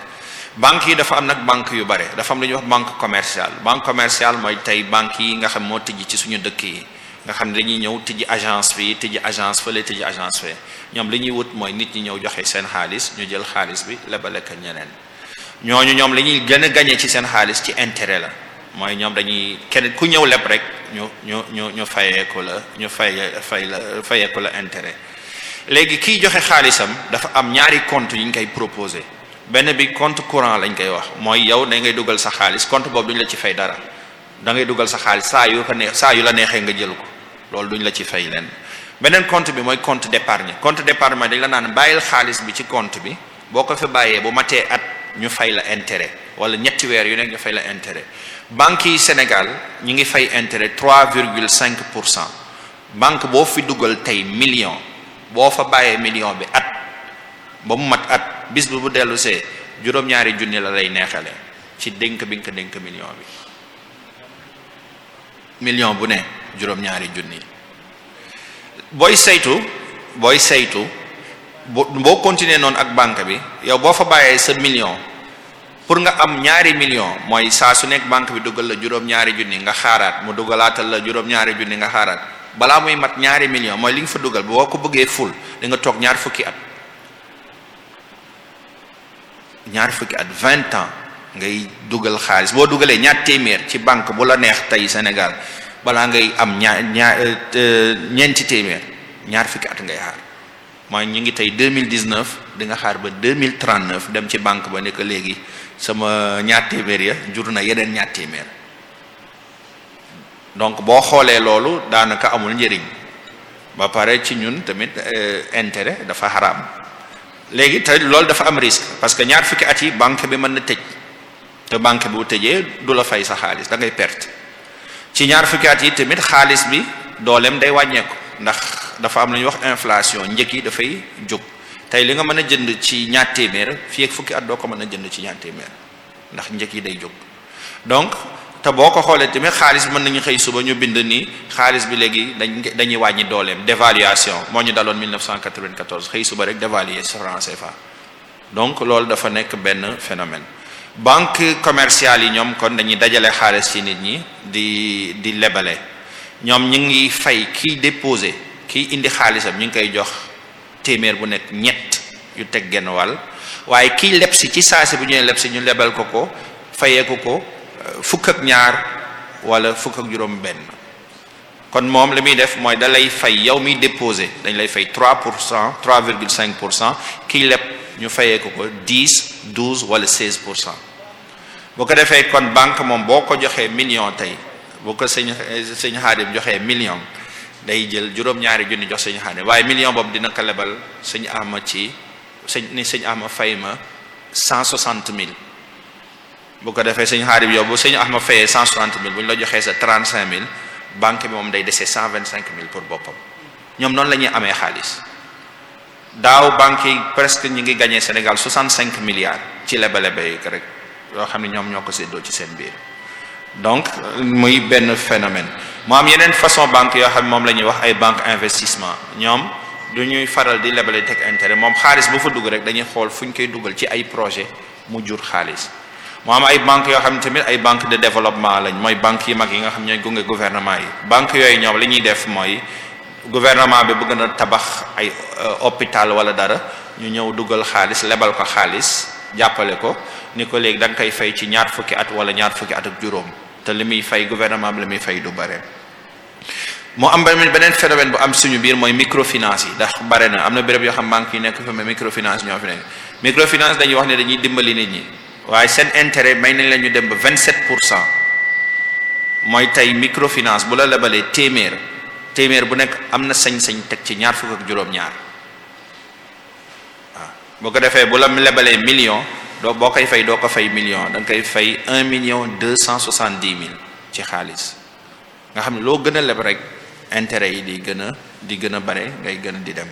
banque yi dafa am nag banque yu bare dafa am lu ñuy wax banque commerciale banque commerciale mooy tey banque yi nga xam moo tijji ci suñu dëkk yi nga xam ne dañuy ñëw tijji agence fii tijji agence fële tijji agence fee ñoom li ñuy wut mooy nit ñi ñëw joxe seen xaalis ñu jël xaalis bi lebale lekk ñeneen ñooñu ñoom li ñuy gën a gañee ci seen xaalis ci intéret la mooy ñoom dañuy kenn ku ñëw leb rek ñu ñu ñu ñu fayeeku la ñu fay fay la fayeeku la intérêt léegi kiy joxe xaalisam dafa am ñaari compte yi ñu koy proposé benn bi compte courant lañ koy wax mooy yow da ngay dugal sa xaalis compte boobu duñ la ci fay dara da ngay dugal sa xaalis saa yu fa neex saa la neexee nga jël ko loolu duñu la ci fay leen beneen compte bi mooy compte d'épargne compte d'épargne mooy dañ la naan bàyyil xaalis bi ci compte bi boo ko fi bàyyee bu matee at ñu fay la intéret wala ñetti weer yu nekk ñu fay la intérêt banque yi Sénégal ñu ngi fay intérêt 3,5 pour cent banque boo fi dugal tey million. boo fa bàyyee million bi at ba mu mat at bis bi bu dellu see juróom-ñaari junni la lay neexale ci dénk bi nga dénk million bi million bu ne juróom-ñaari junni booy saytu booy saytu boo boo continuer noonu ak banque bi yow boo fa bàyyee sa million pour nga am ñaari million mooy saa su nekk banque bi dugal la juróom-ñaari junni nga xaaraat mu dugalaatal la juróom-ñaari junni nga xaaraat balaa muy mat ñaari million mooy li nga fa dugal boo ko bëggee ful danga toog ñaar fukki at ñaar fukki at vingt ans ngay dugal xaalis boo dugalee ñaar téeméer ci banque bu la neex tey Sénégal balaa ngay am ñaar ñaar euh, euh, ñeenti téeméer ñaar fukki at ngay xaar mooy ñu ngi tey deux mille dix-neuf di nga xaar ba deux mille trente-neuf dem ci banque ba nekk léegi sama ñaar téeméer ya jur na yeneen ñaar téeméer. donc boo xoolee loolu daanaka amul njëriñ ba pare ci ñun tamit euh, intérêt dafa xaraam léegi te loolu dafa am risque parce que ñaar fukki at yi banque bi mën na tëj te banque bu tëjee du la fay sa xaalis da ngay perte ci ñaar fukki at yi tamit xaalis bi dooleem day wàññeeku ndax dafa am lu ñuy wax inflation njëg yi dafay jóg tey li nga mën a jënd ci ñaar téeméer fii ak fukki at doo ko mën a jënd ci ñaar ndax njëg yi day jóg donc. te boo ko xoolee tamit xaalis mën nañu xëy suba ñu bind nii xaalis bi léegi dañ dañuy wàññi dooleem dévaluation moo ñu daloon 1994 xëy suba rek dévaluer franc CFA donc loolu dafa nekk benn phénomène banque commerciale yi ñoom kon dañuy dajale xaalis ci nit ñi di di lebale ñoom ñu ngi fay kiy déposé kiy indi xaalisam ñu ngi koy jox téeméer bu nekk ñett yu teg genn wàll waaye kiy leb si ci saa si bu ñuy leb si ñu lebal ko ko fayeeku ko fukk ak ñaar wala fukk ak juróom benn kon moom li muy def mooy da lay fay yow miy déposé dañ lay fay trois pour cent 3 virgule cinq pour cent kii lépp ñu fayee ko ko 10 12 wala 16 pour cent bu ko defee kon banque moom boo ko joxee million tey boo ko sëñ sëñ xaadim joxee million day jël juróom-ñaari junni jox sëñ xaadim waaye million boobu dina ko lebal sëñ ama ci sëñ ni sëñ ama fay ma 160 mille bu ko defee sëñ xaarib yow bu sëñ Ahmad fayee cent soixante mille bu ñu la joxee sa trente cinq mille banque bi moom day desee cent vingt cinq mille pour boppam ñoom noonu la ñuy amee xaalis daaw banque yi presque ñu ngi gagné Sénégal soixante cinq milliards ci lebale bay rek yoo xam ne ñoom ñoo ko séddoo ci seen biir donc muy benn phénomène mu am yeneen façon banque yoo xam moom la ñuy wax ay banque investissement ñoom du ñuy faral di lebale teg intérêt moom xaalis bu fa dugg rek dañuy xool fu ñu koy dugal ci ay projet mu jur xaalis mu am ay banques yoo xam ne tamit ay banque de développement lañ mooy banques yi mag yi nga xam ñooy gunge gouvernement yi banques yooyu ñoom li ñuy def mooy gouvernement bi bëgg na tabax ay euh, hôpital wala dara ñu ñëw dugal xaalis lebal ko xaalis jàppale ko ni ko léegi da koy fey ci ñaar fukki at wala ñaar fukki at ak juróom te li muy fay gouvernement bi li muy fay du bare moo am beneen phénomène bu am suñu biir mooy microfinance yi ndax bare na am na béréb yoo xam banque yi nekk fi mais microfinance ñoo fi nekk microfinance wax ne dañuy dimbali nit ñi waaye seen intérêt may nañ la ñu dem ba vingt pour cent mooy tey microfinance bu la lebalee téeméer téeméer bu nekk am na sañ-sañ teg ci ñaar fukk ak juróom-ñaar waaw boo ko defee bu la lebalee million doo boo koy fay doo ko fay million da koy fay un million deux cent soixante-dix mille ci xaalis nga xam ne loo gën a leb rek intérêt yi di gën a di gën a bare ngay gën di dem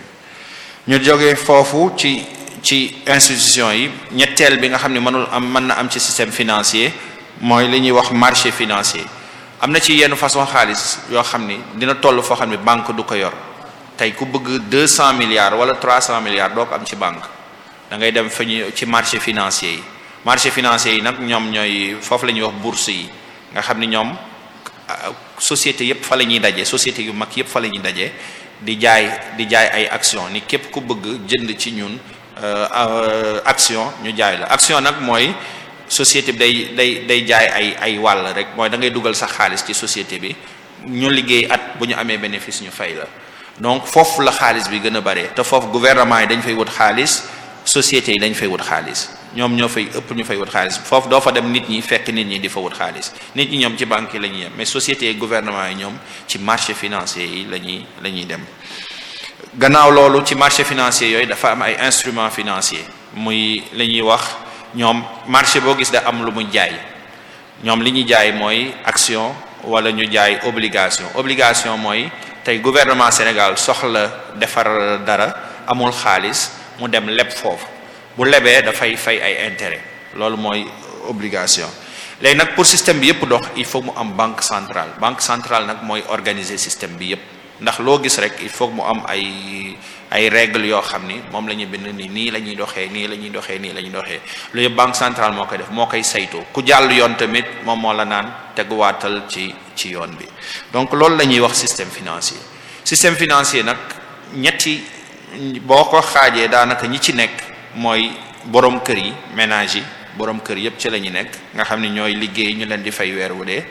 ñu jógee foofu ci ci institution yi ñetteel bi nga xam ne mënul am mën na am ci système financier mooy li ñuy wax marché financier am na ci yenn façon xaalis yoo xam ni dina toll foo xam ne banque du ko yor tey ku bëgg deux cent milliards wala trois cent milliards doo ko am ci banque da ngay dem fa ñu ci marché financier yi marché financier yi nag ñoom ñooy foofu la ñuy wax bourse yi nga xam ni ñoom ah, société yépp fa la ñuy daje société yu mag yépp fa la ñuy daje di jaay di jaay ay action ni képp ku bëgg jënd ci ñun Euh, euh, action ñu jaay la action nag mooy société bi day day jaay ay ay wàll rek mooy da ngay dugal sax xaalis ci société bi ñu liggéey at bu ñu amee bénéfice ñu fay la donc foofu la xaalis bi gën a bare te foofu gouvernement yi dañ fay wut xaalis sociétés yi dañ fay wut xaalis ñoom ñoo fay ëpp ñu fay wut xaalis foofu doo fa dem nit ñi fekk nit ñi di fa wut xaalis nit ñi ñoom ci banque yi la ñuy yem mais sociétés yi gouvernement yi ñoom ci marché financier yi la ñuy la dem gannaaw loolu ci marché financier yooyu dafa am ay instrument financier muy li ñuy wax ñoom marché boo gis de am lu mu jaay ñoom li ñuy jaay mooy action wala ñu jaay obligation obligation mooy tey gouvernement Sénégal soxla defar dara amul xaalis mu dem leb foofu bu lebee dafay fay ay intérêt loolu mooy obligation léegi nag pour système bi yëpp dox il faut mu am banque centrale banque centrale nag mooy organiser système bi yëpp ndax loo gis rek il faut mu am ay ay règle yoo xam ni moom la ñuy bind ni nii la ñuy doxee nii la ñuy doxee nii la ñuy doxee lu yëpp banque centrale moo koy def moo koy saytoo ku jàll yoon tamit moom moo la naan teguwaatal ci ci yoon bi donc loolu lañuy wax système financier système financier nag ñetti boo ko xaajee daanaka ñi ci nekk mooy borom kër yi ménage yi borom kër yëpp ci la ñu nekk nga xam ni ñooy liggéey ñu leen di fay weer wu dee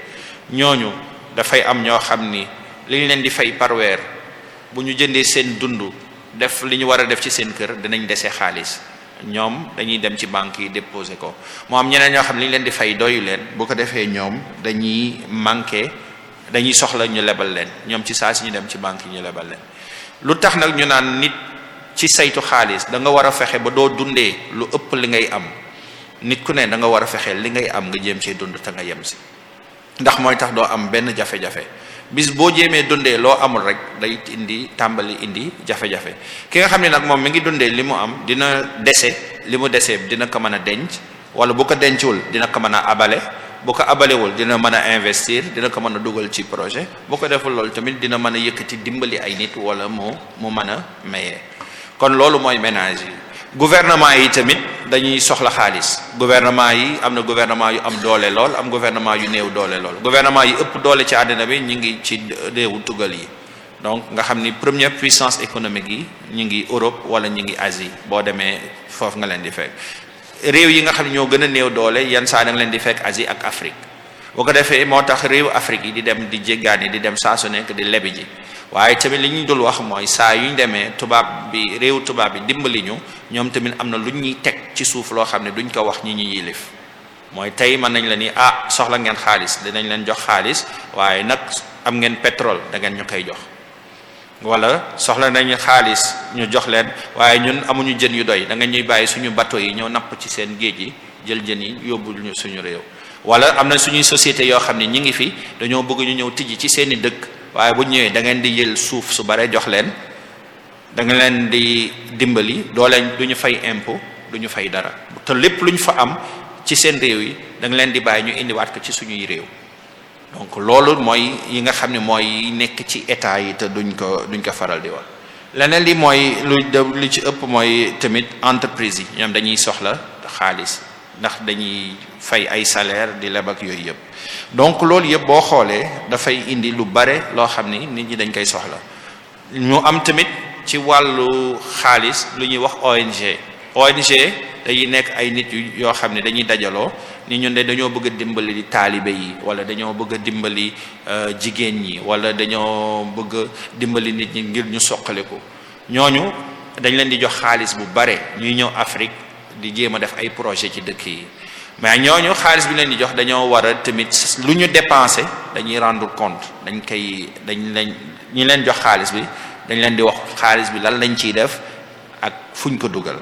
ñooñu dafay am ñoo xam ni liñ leen di fay parweer bu ñu jëndee seen dund def li ñu war a def ci seen kër dinañ dese xaalis ñoom dañuy dem ci banque yi déposer ko moo am ñeneen ñoo xam li ñu leen di fay doyu leen boo ko defee ñoom dañuy manqué dañuy soxla ñu lebal leen ñoom ci saa si ñu dem ci banque yi ñu lu tax nag ñu naan nit ci saytu xaalis da nga war a fexe ba doo dundee lu ëpp li ngay am nit ku ne da nga war a fexe li ngay am nga jéem cee dund te nga yem si ndax mooy tax doo am benn jafe-jafe bis boo jéemee dundee loo amul rek day indi tàmbali indi jafe-jafe ki nga xam ne nag moom mi ngi dundee li mu am dina dese li mu dese dina ko mën a denc wala bu ko dencul dina ko mën a abale bu ko abalewul dina mën a investir dina ko mën a dugal ci projet bu ko deful loolu tamit dina mën a yëkkati dimbali ay nit wala mu mu mën a maye kon loolu mooy ménage yi gouvernement yi tamit dañuy soxla xaalis gouvernement yi am na gouvernement yu am doole lool am gouvernement yu néew doole lool gouvernement yi ëpp doole ci àddina bi ñu ngi ci réewu tugal yi donc nga xam ni première puissance économique yi ñu ngi Europe wala ñu ngi Asie boo demee foofu nga leen di fekk réew yi nga xam ne ñoo gën a néew doole yenn saa da leen di fekk Asie ak Afrique boo ko defee moo tax réew Afrique yi di dem di jéggaani di dem saa su nekk di lebi ji waaye tamit li ñu dul wax mooy saa yu ñu demee tubaab bi réew tubaab bi dimbali ñu ñoom tamit am na lu ñuy teg ci suuf loo xam ne duñ ko wax ñi ñu yilif mooy tey mën nañ la ni ah soxla ngeen xaalis dinañ leen jox xaalis waaye nag am ngeen pétrole da ngeen ñu koy jox wala soxla nañu xaalis ñu jox leen waaye ñun amuñu jën yu doy da nga ñuy bàyyi suñu bateau yi ñëw napp ci seen géej yi jël jën yi yóbbul suñu réew wala am na suñuy société yoo xam ne ñi ngi fi dañoo bëgg ñu ñëw tijji ci seeni dëkk waaye bu ñëwee da ngeen di jël suuf su baree jox leen da nga leen di dimbali doo leen du ñu fay impo du ñu fay dara te lépp lu ñu fa am ci seen réew yi da nga leen di bàyyi ñu indiwaat ko ci suñuy réew donc loolu mooy yi nga xam ne mooy nekk ci état yi te duñ ko duñ ko faral di wax leneen li mooy lu li ci ëpp mooy tamit entreprise yi ñoom dañuy soxla xaalis ndax dañuy fay ay salaire di leb yooyu yëpp donc loolu yëpp boo xoolee dafay indi lu bare loo xam ni nit ñi dañ koy soxla ñu am tamit ci wàllu xaalis lu ñuy wax ONG ONG dañuy nekk ay nit yu yoo xam ne dañuy dajaloo ni ñun de dañoo bëgg a dimbali di taalibe yi wala dañoo bëgg a dimbali euh, jigéen ñi wala dañoo bëgg dimbali nit ñi ngir ñu soqaliku ñooñu dañ leen di jox xaalis bu bare ñuy ñëw Afrique di jéem a def ay projet ci dëkk yi mais ñooñu xaalis bi leen di jox dañoo war tamit lu ñu dépensé dañuy rendre compte dañ koy dañ leen ñi leen jox xaalis bi dañ leen di wax xaalis bi lan lañ ciy def ak fuñ ko dugal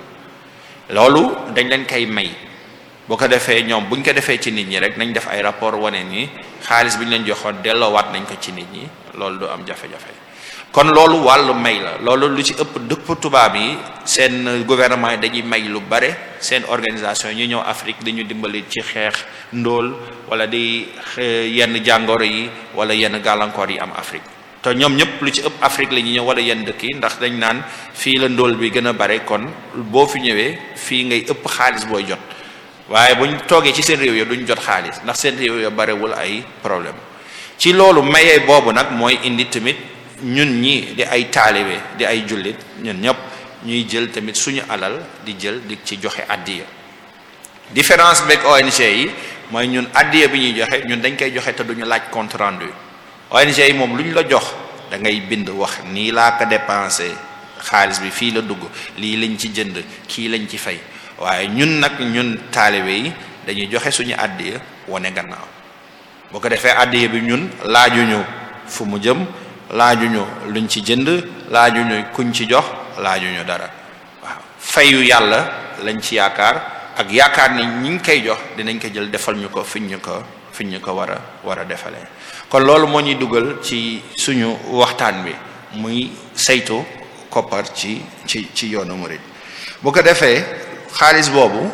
loolu dañ leen koy may boo ko defee ñoom buñ ko defee ci nit ñi rek nañ def ay rapport wane nii xaalis bi ñu leen joxoon delloowaat nañ ko ci nit ñi loolu du am jafe-jafe kon loolu wàllu may la loolu lu ci ëpp dëkk tubaab yi seen guvernement yi dañuy may lu bare seen organisation ñu ñëw Afrique dañu dimbali ci xeex ndool wala di eh, yenn jàngoro yi wala yenn gàllankoor yi am Afrique te ñoom ñëpp lu ci ëpp Afrique la ñuy ñëw wala yenn dëkk yi ndax dañ naan fii la ndool bi gën a bare kon boo fi ñëwee fii ngay ëpp xaalis booy jot waaye buñ toogee ci seen réew ya duñ jot xaalis ndax seen réew ya barewul ay problème ci loolu mayee boobu nag mooy indi tamit. ñun ñi di ay taalibe di ay jullit ñun ñëpp ñuy jël tamit suñu alal di jël di ci joxe addiya différence beeg ONG yi mooy ñun addiya bi ñuy joxe ñun dañ koy joxe te duñu laaj compte rendu ONG yi moom lu ñu la jox da ngay bind wax nii laa ko dépensé xaalis bi fii la dugg lii lañ ci jënd kii lañ ci fay waaye ñun nag ñun taalibe yi dañuy joxe suñu addiya wone gannaaw boo ko defee addiya bi ñun laajuñu fu mu jëm laajuñu luñ ci jënd laajuñu kuñ ci jox laajuñu dara waaw fayu yàlla lañ ci yaakaar ak yaakaar ni ñi ngi koy jox dinañ ko jël defal ñu ko fiñ ñu ko fiñ ñu ko war a war a defalee kon loolu moo ñuy dugal ci suñu waxtaan bi muy saytu koppar ci ci ci yoonu murid bu ko defee xaalis boobu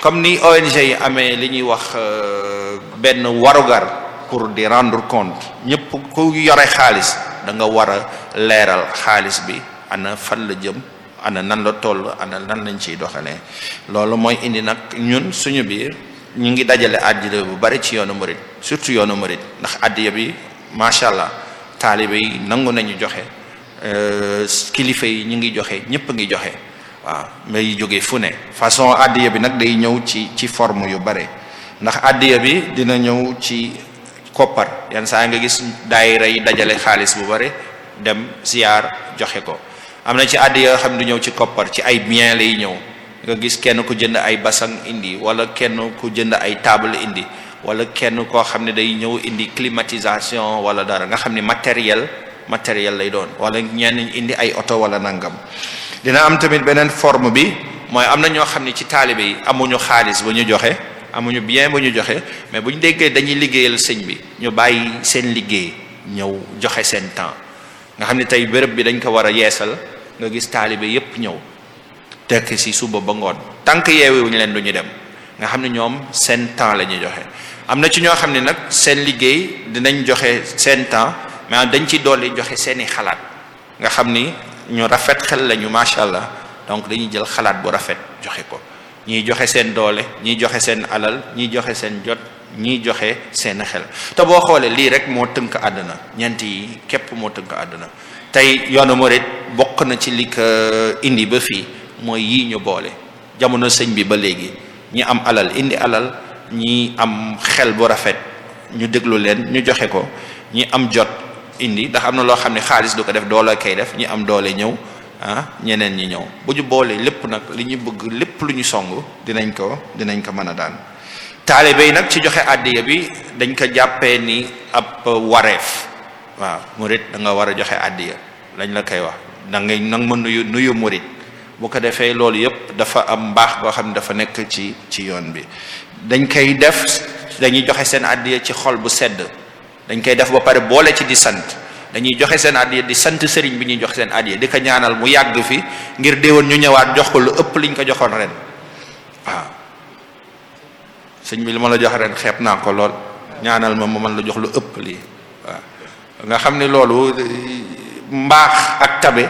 comme ni ONG yi amee li ñuy wax euh, benn warugar pour di rendre compte ñëpp ku yore xaalis da nga war leeral xaalis bi ana fan la jëm ana nan la toll ana nan lañ ciy doxalee loolu mooy indi nag ñun suñu biir ñu ngi dajale àddina bu bari ci yoonu murid surtout yoonu murid ndax àddina bi macha allah taalibe yi nangu nañu joxe euh, kilifa yi ñu ngi joxe ñëpp ngi joxe mais yi jóge fu ne façon àddina bi nag day ñëw ci ci forme yu bare ndax àddina bi dina ñëw ci. koppar yan saa nga gis daayira yi dajale xaalis bu bari dem siyaar joxe ko am na ci àdd yoo xam ne du ñëw ci koppar ci ay bien lay ñëw nga gis kenn ku jënd ay basang indi wala kenn ku jënd ay table indi wala kenn koo xam ne day ñëw indi climatisation wala dara nga xam ne matériel matériel lay doon wala ñenn indi ay oto wala nangam dina am tamit beneen forme bi mooy am na ñoo xam ne ci taalibe yi amuñu xaalis bu ñu joxe amuñu bien bu ñu joxe mais bu ñu déggee dañuy liggéeyal sëñ bi ñu bàyyi seen liggéey ñëw joxe seen temps nga xam ne tey béréb bi dañ ko war a yeesal nga gis taalibe yépp ñëw tekk ci suba ba ngoon tànk yeewuñu leen duñu dem nga xam ne ñoom seen temps la ñuy joxe am na ci ñoo xam ne nag seen liggéey dinañ joxe seen temps mais dañ ci dolli joxe seeni xalaat nga xam ni ñu rafet xel lañu macha allah donc dañuy jël xalaat bu rafet joxe ko. ñiy joxe seen doole ñiy joxe seen alal ñiy joxe seen jot ñiy joxe seen xel te boo xoolee lii rek moo tënk àdduna ñent yi képp moo tënk àdduna tey yoonu murid bokk na ci li ko indi ba fii mooy yii ñu boole jamono sëñ bi ba léegi ñi am alal indi alal ñi am xel bu rafet ñu déglu leen ñu joxe ko ñi am jot indi ndax am na loo xam ne xaalis du ko def doole koy def ñi am doole ñëw Ah, ñeneen ñi ñëw bu ñu boolee lépp nag li ñu bëgg lépp lu ñu song dinañ ko dinañ ko mën a daan taalibe yi nag ci joxe àddiya bi dañ ko jàppee ni ab wareef waaw murit danga war a joxe àddiya lañ la koy wax da nag ma nuyu nuyu murit bu ko defee loolu yëpp dafa am mbaax goo xam ne dafa nekk ci ci yoon bi dañ koy def dañuy joxe seen àddiya ci xol bu sedd dañ koy def ba pare boole ci di sant dañuy joxe seen addiya di sant sëriñ bi ñuy joxe seen addiya di ko ñaanal mu yàgg fi ngir déewoon ñu ñëwaat jox ko lu ëpp ñu ko joxoon ren waaw sëñ bi li ma la jox ren xeeb naa ko lool ñaanal ma mu mën la jox lu ëpp lii waaw nga xam ni loolu mbaax ak tabe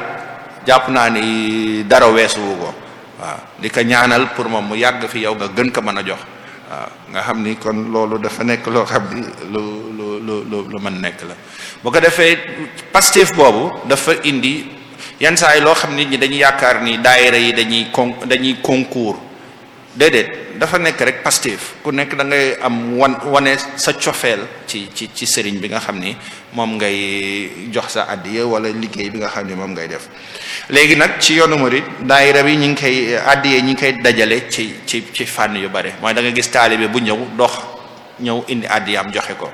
jàpp naa ni dara weesuwu ko waaw di ko ñaanal pour moom mu yàgg fi yow nga gën ko mën a jox waaw nga xam ni kon loolu dafa nekk loo xam ni lu lu lu lu mën nekk la bu ko defee Pastef boobu dafa indi yan saa yi loo xam nit ñi dañu yaakaar ni daayira yi dañuy con dañuy concours déedéet dafa nekk rek Pastef ku nekk da ngay am wan wane sa cofeel ci ci ci sëriñ bi nga xam ni moom ngay jox sa addiya wala liggéey bi nga xam ni moom ngay def léegi nag ci yoonu murid daayira bi ñu ngi koy addiya ñu ngi koy dajale ci ci ci fànn yu bare mooy da nga gis taalibe bu ñëw dox ñëw indi addiyaam joxe ko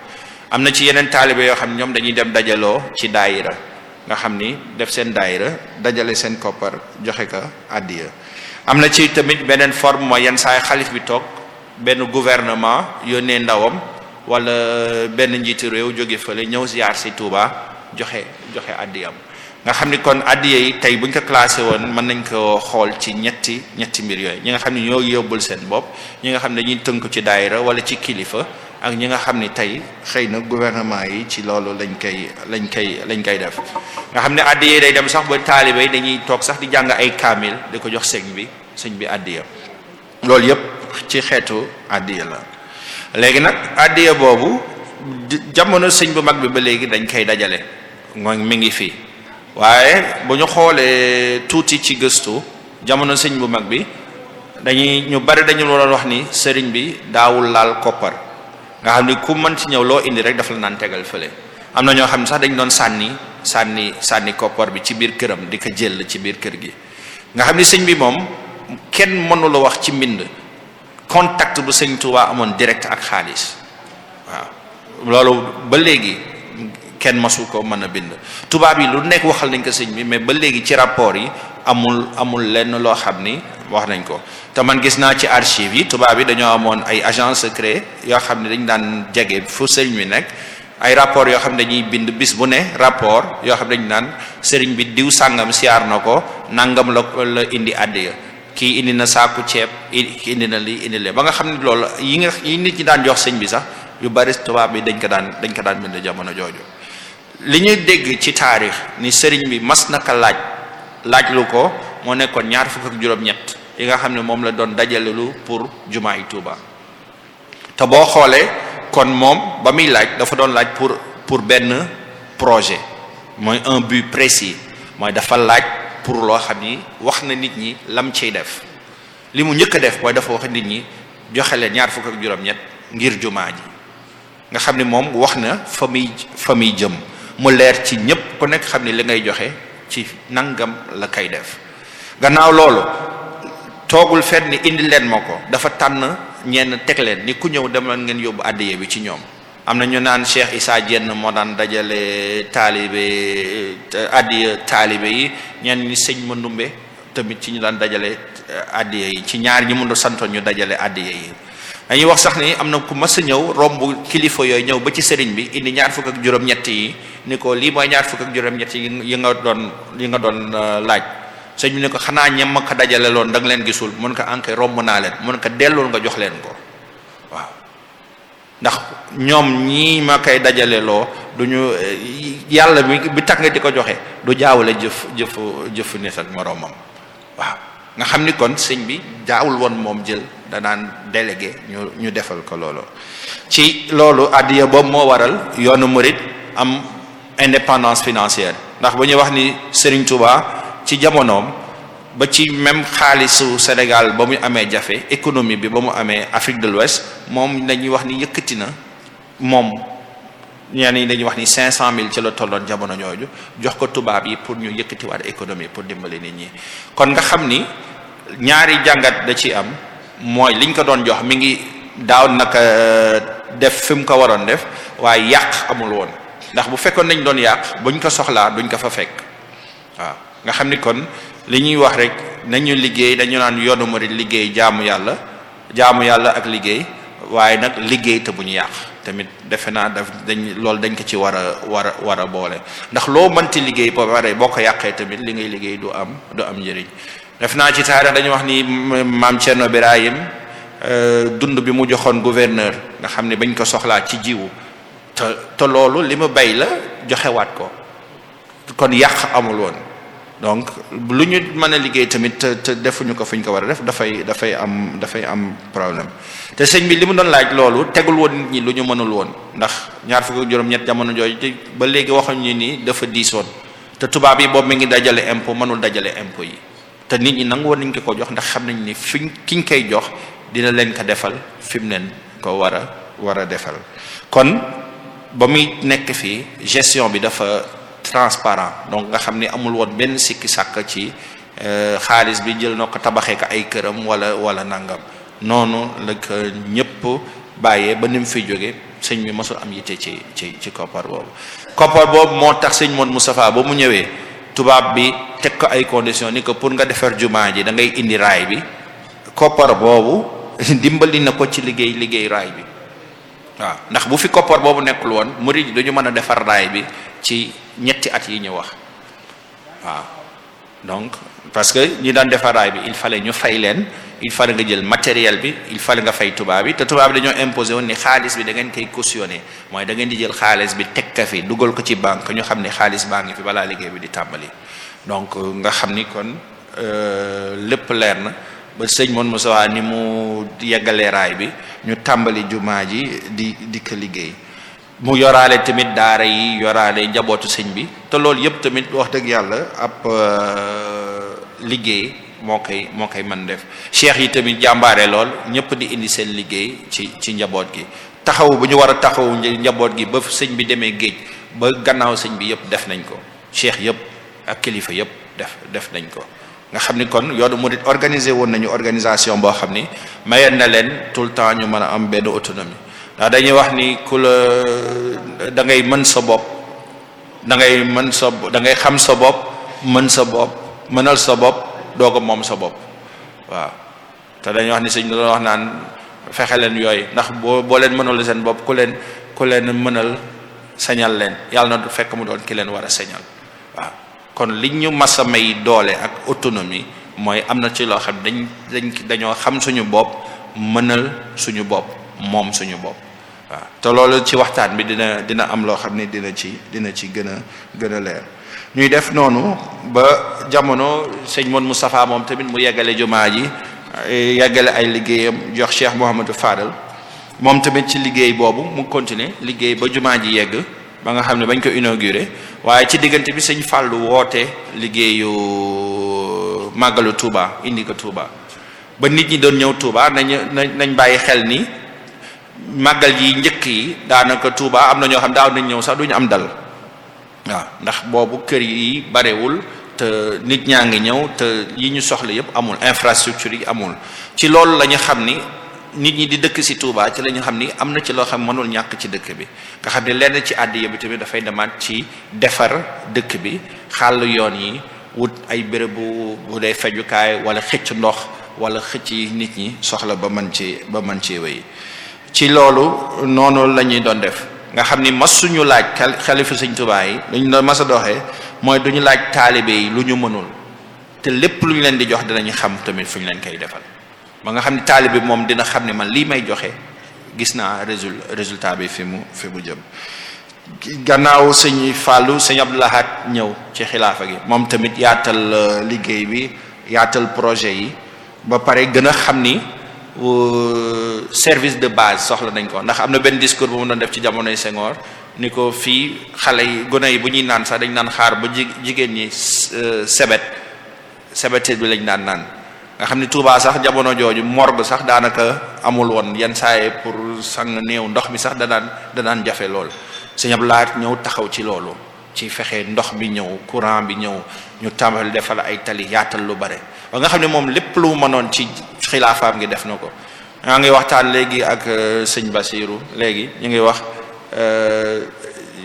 am na ci yeneen taalibe yoo xam ne ñoom dañuy dem dajaloo ci daayira nga xam ni def seen daayira dajale seen koppar joxe ko addiya am na ci tamit beneen forme mooy yenn saay xalif bi toog benn gouvernement yónnee ndawam wala benn njiitu réew jóge fale ñëw ziar si Touba joxe joxe àddiyam nga xam ni kon addiya yi tey buñ ko classé woon mën nañ koo xool ci ñetti ñetti mbir yooyu ñi nga xam ni ñoo yóbbul seen bopp ñi nga xam ne dañuy tënk ci daayira wala ci kilifa ak ñi nga xam ni tey xëy na gouvernement yi ci loolu lañ koy lañ koy lañ koy def nga xam ne addiya day dem sax ba taalibe yi dañuy toog sax di jàng ay kaamil di ko jox sëñ bi sëñ bi addiya loolu yépp ci xeetu addiya la léegi nag addiya boobu jamono sëñ bu mag bi ba léegi dañ koy dajale mooy mi ngi fii waaye bu ñu xoolee tuuti ci gëstu jamono sëñ bu mag bi dañuy ñu bari dañu looloon wax ni sëriñ bi daawul laal koppar nga xam ni ku mën ci ñëw loo indi rek dafa la naan tegal fële am na ñoo xam ne sax dañ doon sànni sànni sànni koppar bi ci biir këram di ko jël ci biir kër gi nga xam ni sëñ bi moom kenn mënula wax ci mbind contact bu sëñ Tuubaa amoon direct ak xaalis waaw loolu ba léegi kenn masu ko mën a bind tubaab yi lu nekk waxal nañ ko sëñ bi mais ba léegi ci rapport yi amul amul lenn loo xam ni wax nañ ko te man gis naa ci archive yi tubaab yi dañoo amoon ay agence secret yoo xam ne dañ daan jege fu sëñ bi nekk ay rapport yoo xam ne dañuy bind bis bu ne rapport yoo xam ne dañu naan sëriñ bi diw sàngam siyaar na ko nangam la la indi àddiya kii indi na saaku ceeb indi na li indi lee ba nga xam ne loolu yi nga yi nit ñi daan jox sëñ bi sax yu bari tubaab bi dañ ko daan dañ ko daan bind jamono jooju li ñu dégg ci taarix ni sëriñ bi mas naka laaj laaj lu ko moo nekkoon ñaar fukk yi nga xam ne moom la doon dajale pour jumaa yi Tuuba te boo xoolee kon moom ba muy laaj dafa doon laaj pour pour benn projet mooy un but précis mooy dafa laaj pour loo xam ni wax na nit ñi lam ciy def li mu njëkk a def mooy dafa wax nit ñi joxe leen ñaar fukk ak juróom-ñett ngir jumaa ji nga xam ne moom wax na fa muy jëm mu leer ci ñépp ku nekk xam ni li ngay joxe ci nangam la kay def gannaaw loolu toogul fenn ni indi leen ma ko dafa tànn ñenn teg leen ni ku ñëw demal ngeen yóbbu addiye bi ci ñoom am na ñu naan Cheikh Issa Dieng moo daan dajale taalibe addiye eh, taalibe yi ñenn ñi sëñ ma ndumbe tamit ci ñu daan dajale addiye eh, yi ci ñaar ñi mun santoon ñu dajale addiye yi dañuy wax sax ni am na ku mas a ñëw romb kilifa yooyu ñëw ba ci sëriñ bi indi ñaar fukk ak juróom-ñett yi ni ko lii mooy ñaar fukk ak juróom-ñett yi yi nga doon yi nga doon euh, laaj sëñ bi ne ko xanaa ñem ma ko dajale loon leen gisul mun ko ankay romb naa leen mun ko dellool nga jox leen ko waaw ndax ñoom ñii ma koy dajale loo du ñu euh, yàlla bi bi tax nga di ko joxe du jaawale jëf jëf jëfu nit ak moroomam waaw nga xam ni kon sëñ bi jaawul woon moom jël danaan délégué ñu ñu defal ko loolu ci loolu addiya boobu moo waral yoonu murid am indépendance financière ndax ba ñuy wax ni Serigne Touba ci jamonoom ba ci même xaalisu Sénégal ba mu amee jafe économie bi ba mu amee Afrique de l'Ouest moom dañuy wax ni yëkkati na moom ñenn ñi dañuy wax ni cinq cent mille ci la tolloon jamono ñooju jox ko tubaab yi pour ñu yëkkatiwaat économie pour dimbali nit ñi kon nga xam ni ñaari jàngat da ci am mooy liñ ko doon jox mi ngi daaw naka euh, def fi mu ko waroon def waaye yàq amul woon ndax bu fekkoon nañ doon yàq buñ ko soxlaa duñ ko fa fekk waaw nga xam ni kon li ñuy wax rek nañu liggéey dañu naan yoonu murid liggéey jaamu yàlla jaamu yàlla ak liggéey waaye nag liggéey te bu ñu yàq tamit defe naa daf dañ loolu dañ ko ci war a war a war a boole ndax loo mënti liggéey boo pare boo ko yàqee tamit li ngay liggéey du am du am njëriñ def naa ci taarix dañu wax ni maam Cerno Birahim euh, dund bi mu joxoon gouverneur nga xam ne bañ ko soxlaa ci jiwu te te loolu li mu bay la joxewaat ko kon yàq amul woon donc lu ñu mën a liggéey tamit te te defuñu ko fuñ ko war a def dafay dafay am dafay am problème te sëñ bi li mu doon laaj loolu tegul woon nit ñi lu ñu mënul woon ndax ñaar fukk juróom-ñett jamono jooju ba léegi waxuñu ni dafa diisoon te tubaab yi boobu mi ngi dajale impo mënul dajale impôt yi. te nit ñi nangu woon nañ ko ko jox ndax xam nañ ni fiñ kiñ koy jox dina leen ko defal fi mu leen ko war a war a defal kon ba muy nekk fii gestion bi dafa transparent donc nga xam ni amul woon benn sikki sàkk ci euh, xaalis bi jël na ko tabaxee ko ay këram wala wala nangam noonu la ko ñëpp bàyyee ba ni mu fi jóge sëñ bi masul am yitte ci ci ci koppar boobu koppar boobu moo tax sëñ Modou Moustapha ba mu ñëwee tubaab bi teg ko ay condition ni ko pour nga defar jumaa ji da ngay indi raay bi koppar boobu (laughs) dimbali na ko ci liggéey liggéey raay bi waaw ndax bu fi koppar boobu nekkul woon murid yi dañu mën a defar raay bi ci ñetti at yi ñu wax waaw donc parce que ñi daan defar raay bi il fale ñu fay leen il fallait nga jël matériel bi il fale nga fay tubaab yi te tubaab bi dañoo imposé woon ni xaalis bi dangeen ngeen koy cautionné mooy da ngeen di jël xaalis bi teg ka fi dugal ko ci banque ñu xam ni xaalis baa ngi fi balaa liggéey bi di tàmbali donc nga xam ni kon euh, lépp leer na ba sëñ moon Moussa ni mu yeggalee raay bi ñu tàmbali jumaa ji di di ko liggéey mu yoraale tamit daara yi yoraale njabootu sëñ bi te loolu yëpp tamit wax dëgg yàlla ab euh, liggéey moo koy moo koy mën def cheikh yi tamit jàmbaare lool ñëpp di indi seen liggéey ci ci njaboot gi taxaw bu ñu war a taxaw njaboot gi ba sëñ bi demee géej ba gannaaw sëñ bi yëpp def nañ ko cheikh yëpp ak kilifa yëpp def def nañ ko nga xam ni kon yoonu murid organisé woon nañu organisation boo xam ni mayoon na leen tout le temps ñu mën a am benn autonomie ndax dañuy wax ni ku dangay mën sa bopp dangay mën sa da ngay xam sa bopp mën sa bopp mënal sa bopp doo ko moom sa bopp waaw te dañuy wax ni sëñ doon wax naan fexe leen yooyu ndax boo boo leen mënal seen bopp ku leen ku leen mënal sañal leen yàlla na fekk mu doon ki leen war a sañal waaw kon li ñu mas a may doole ak autonomie mooy am na ci loo xam dañ dañ dañoo xam suñu bopp mënal suñu bopp moom suñu bopp waaw te loolu ci waxtaan bi dina dina am loo xam ne dina ci dina ci gën a gën a leer ñuy def noonu ba jamono sëñ Mon Moustapha moom tamit mu yeggale jumaa ji eh, yeggale ay liggéeyam jox Cheikh Mouhamadou Fadal moom tamit ci liggéey boobu mu continuer liggéey ba jumaa ji yegg ba nga xam ne bañ ko inauguré waaye ci diggante bi sëñ fàllu woote liggéeyu màggalu Touba indi ko Touba ba nit ñi doon ñëw Touba nañ nañ bàyyi xel ni màggal yi njëkk yi daanaka Touba am na ñoo xam daa nañ ñëw sax duñu am dal waaw ndax boobu kër yi barewul te nit ñaa ngi ñëw te yi ñu soxla yépp amul infrastructure yi amul ci loolu la ñu xam ni nit ñi di dëkk si Touba ci la ñu xam ni am na ci loo xam mënul ñàkk ci dëkk bi nga xam ne lenn ci àddiya bi tamit dafay demaat ci defar dëkk bi xàll yoon yi wut ay béréb bu bu dee fejukaay wala xëcc ndox wala xëcc yi nit ñi soxla ba mën ci ba mën ci wéy ci loolu noonu la ñuy doon def nga xam ni ma suñu laaj xalifa sëñ Tuubaa yi lu ñu doon mas a doxee mooy duñu laaj taalibe yi lu ñu mënul te lépp lu ñu leen di jox dinañu xam tamit fu ñu leen koy defal ba nga xam ni taalibe moom dina xam ne man lii may joxe gis naa résul résultat bi fi mu fi mu jëm gannaaw sëñ Fallou sëñ Abdou Lahad ñëw ci xilaafa gi moom tamit yaatal liggéey bi yaatal projet yi ba pare gën a xam ni Euh, service de base soxla nañ ko ndax am na benn discours bu mu doon def ci jamonoy Senghor ni ko fii xale yi gone yi bu ñuy naan sax dañ naan xaar ba ji jigéen ñi euh, sebet sebet bi lañ daan naan nga xam ni Touba sax jamono jooju morgue sax daanaka amul woon yan saaye pour sang néew ndox mi sax danaan danaan jafe lool sëñ Ablaat ñëw taxaw ci loolu ci fexe ndox mi ñëw courant bi ñëw ñu tàmbali defal ay tali yaatal lu bare ba nga xam ne moom lépp lu mënoon ci xilaafaam ngi def na ko maa ngi waxtaan léegi ak euh, sëñ basiiru léegi ñu ngi wax euh,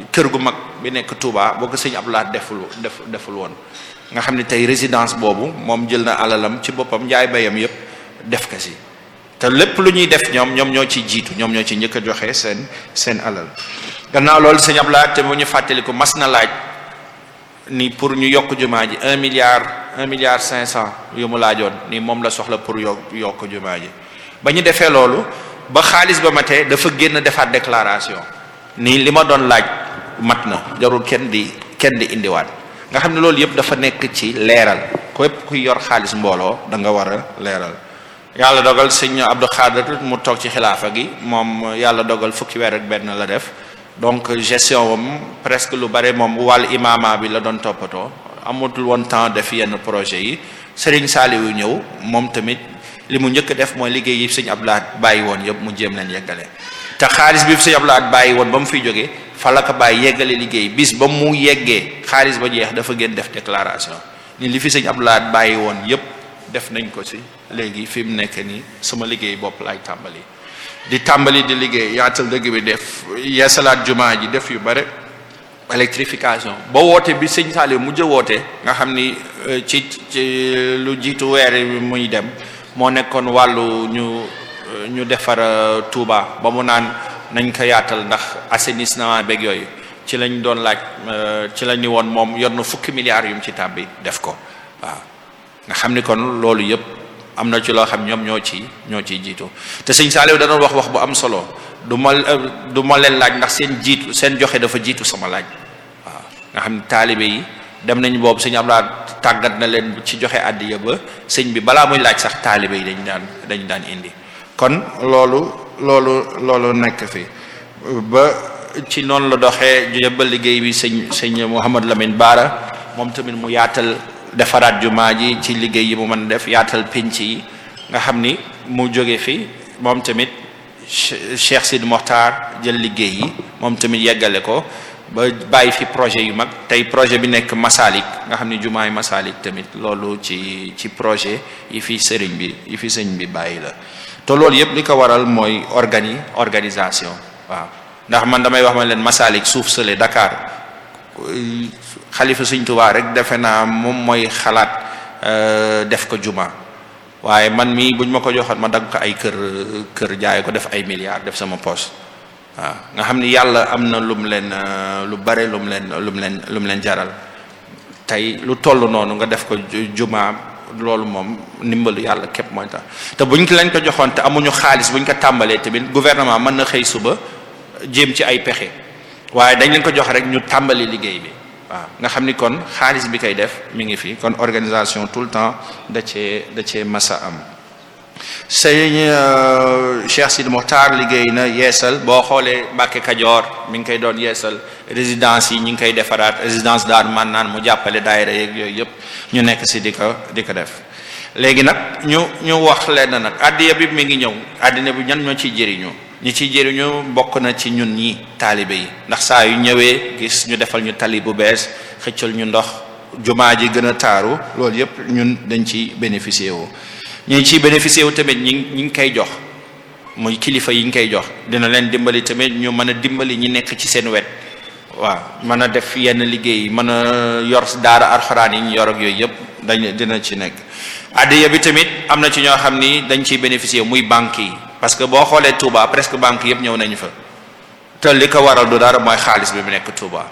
kër gu mag bi nekk Touba boo ko sëñ Abdoulaye deful def deful woon nga xam ne tey résidence boobu moom jël na alalam ci boppam njaay bayam yépp def ko si te lépp lu ñuy def ñoom ñoom ñoo ci jiitu ñoom ñoo ci njëkk a joxe seen seen alal gannaaw lool sëñ Abdoulaye te bu ñu fàttaliku mas na laaj ni pour ñu yokk jumaa ji un milliard un milliard cinq cent yu mu laajoon ni moom la soxla pour yokk yokk jumaa ji ba ñu defee loolu ba xaalis ba mate dafa génn defaat déclaration nii li ma doon laaj mat na jarul kenn di kenn di indiwaat nga xam ne loolu yëpp dafa nekk ci leeral képp kuy yor xaalis mbooloo danga nga war a leeral yàlla dogal sëñ Abdou Khadir mu toog ci xilaafa gi moom yàlla dogal fukki weer ak benn la def donc gestion wam presque lu bare moom wàll imaama bi la doon toppatoo amatul woon temps def yenn projet yi saali Saliou ñëw moom tamit li mu njëkk def mooy liggéey yi sëñ Abdoulaye bàyyi woon yëpp mu jéem leen yeggale te xaalis bi sëñ Abdoulaye bàyyi woon ba mu fiy jógee fa la ko bàyyi yeggale liggéey bis ba mu yeggee xaalis ba jeex dafa gën def déclaration ni li fi sëñ Abdoulaye bàyyi woon yëpp def nañ ko si léegi fi mu nekk nii sama liggéey bopp laay tàmbali di tàmbali di liggéey yaatal dëgg bi def yeesalaat jumaa ji def yu bare électrification ba woote bi sëñ Saaliw mujj woote nga xam ni euh, ci ci lu jiitu weer bi muy dem moo nekkoon wàllu ñu euh, ñu defar euh, Touba ba mu naan nañ ko yaatal ndax assainissement beeg yooyu ci lañ doon laaj ci la ñu woon moom yor na fukki milliards yum ci tàbbi def ko waaw nga xam ni kon loolu yëpp am na ci loo xam ñoom ñoo ciy ñoo ciy jiitu te sëñ Saaliw da doon wax wax bu am solo du ma du leen laaj ndax seen jiitu seen joxe dafa jiitu sama laaj waaw nga xam ne taalibe yi dem nañ boobu sëñ am laa tàggat na leen ci joxe àddiya ba sëñ bi balaa muy laaj sax taalibe yi dañ daan dañ daan indi kon loolu loolu loolu nekk fi ba ci noonu la doxee jëbbal liggéey bi sëñ sëñ Mouhamad Lamine Baara moom tamit mu yaatal defaraat jumaa ji ci liggéey yi mu mën def yaatal pénc yi nga xam ni mu jóge fi moom tamit Cheikh Sid Mokhtar jël liggéey yi moom tamit yeggale ko ba bàyyi fi projet yu mag tey projet bi nekk Masalik nga xam ne jumaay Masalik tamit loolu ci ci projet yi fi sëriñ bi yi fi sëñ bi bàyyi la te loolu yëpp li ko waral mooy organi organisation waaw ndax man damay wax ma leen Masalik suuf sële dakaar xalifa sëñ Tuubaa rek defe naa moom mooy xalaat euh, def ko jumaa waaye man mii buñ ma ko joxoon ma dagg ko ay kër kër jaay ko def ay milliards def sama poche waaw nga xam ni yàlla am na lum leen euh, lu bare lum leen lum leen lum leen jaral tey lu toll noonu nga def ko jumaa loolu moom ndimbalu yàlla képp mooy tax te buñ ko lañ ko joxoon te amuñu xaalis buñ ko tàmbalee tamit gouvernement mën na xëy suba jéem ci ay pexe waaye dañ lañ ko jox rek ñu tàmbali liggéey bi. waaw nga xam ni kon xaalis bi koy def mi ngi fi kon organisation tout le temps da cee da cee masa am sëñ euh, Cheikh Sidi Mokhtar liggéey na yeesal boo xoolee Mbàkke Kajoor mi ngi koy doon yeesal résidence yi ñu ngi koy defaraat résidence daal man naan mu jàppale daayira yeeg yooyu yëpp ñu nekk si di ko di ko def léegi nag ñu ñu wax lenn nag àddiya bi mi ngi ñëw àddina bi ñan ñoo ciy jëriñu ñu ciy jëriñu bokk na ci ñun ñi taalibe yi ndax saa yu ñëwee gis ñu defal ñu tali bu bees xëccal ñu ndox jumaa ji gën a taaru loolu yépp ñun dañ ci bénéficier wu ñi ciy bénéficier wu tamit ñi ñi ngi koy jox muy kilifa yi ñu koy jox dina leen dimbali tamit ñu mën a dimbali ñu nekk ci seen wet waaw mën a def yenn liggéey mën a yor daara alxuraan yi ñu yor yooyu yëpp dañ dina ci nekk addiya bi tamit am na ci ñoo xam ni dañ ciy bénéficier muy banque yi parce que boo xoolee Touba presque banque yëpp ñëw nañu fa te li ko waral du dara mooy xaalis bi mu nekk Touba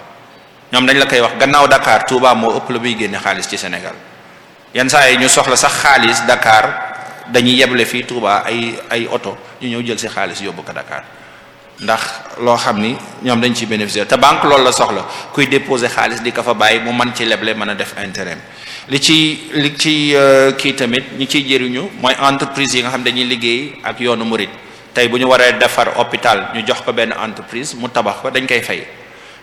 ñoom dañ la koy wax gannaaw dakaar Touba moo ëpp la buy génne xaalis ci Sénégal yenn saa yi ñu soxla sax xaalis dakaar dañuy yeble fii Touba ay ay oto ñu ñëw jël si xaalis yóbbu ko Dakar ndax loo xam ni ñoom dañ ci bénéficier te banque loolu la soxla kuy déposer xaalis di ko fa bàyyi mu mën ci leble mën a def intérêt li ci li ci euh, kii tamit ñi ciy jëriñu mooy entreprise yi nga xam dañuy liggéey ak yoonu murid tey bu ñu waree defar hôpital ñu jox ko benn entreprise mu tabax ko dañ koy fay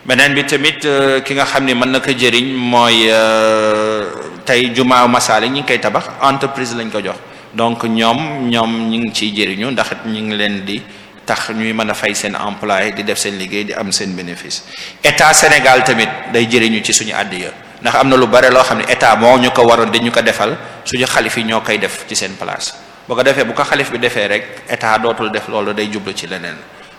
beneen bi tamit euh, ki nga xam ni mën na ko jëriñ mooy euh, tey jumaa masaali ñi ngi koy tabax entreprise lañ ko jox donc ñoom ñoom ñi ngi ciy jëriñu ndax ñi ngi leen di tax ñuy mën a fay seen employé di def seen liggéey di am seen bénéfice état Sénégal tamit day jëriñu ci suñu àddiya ndax am na lu bare loo xam ne état moo ñu ko waroon dañu ko defal suñu xalif yi ñoo koy def ci seen place boo ko defee bu ko xalif bi defee rek état dootul def loolu day jublu ci leneen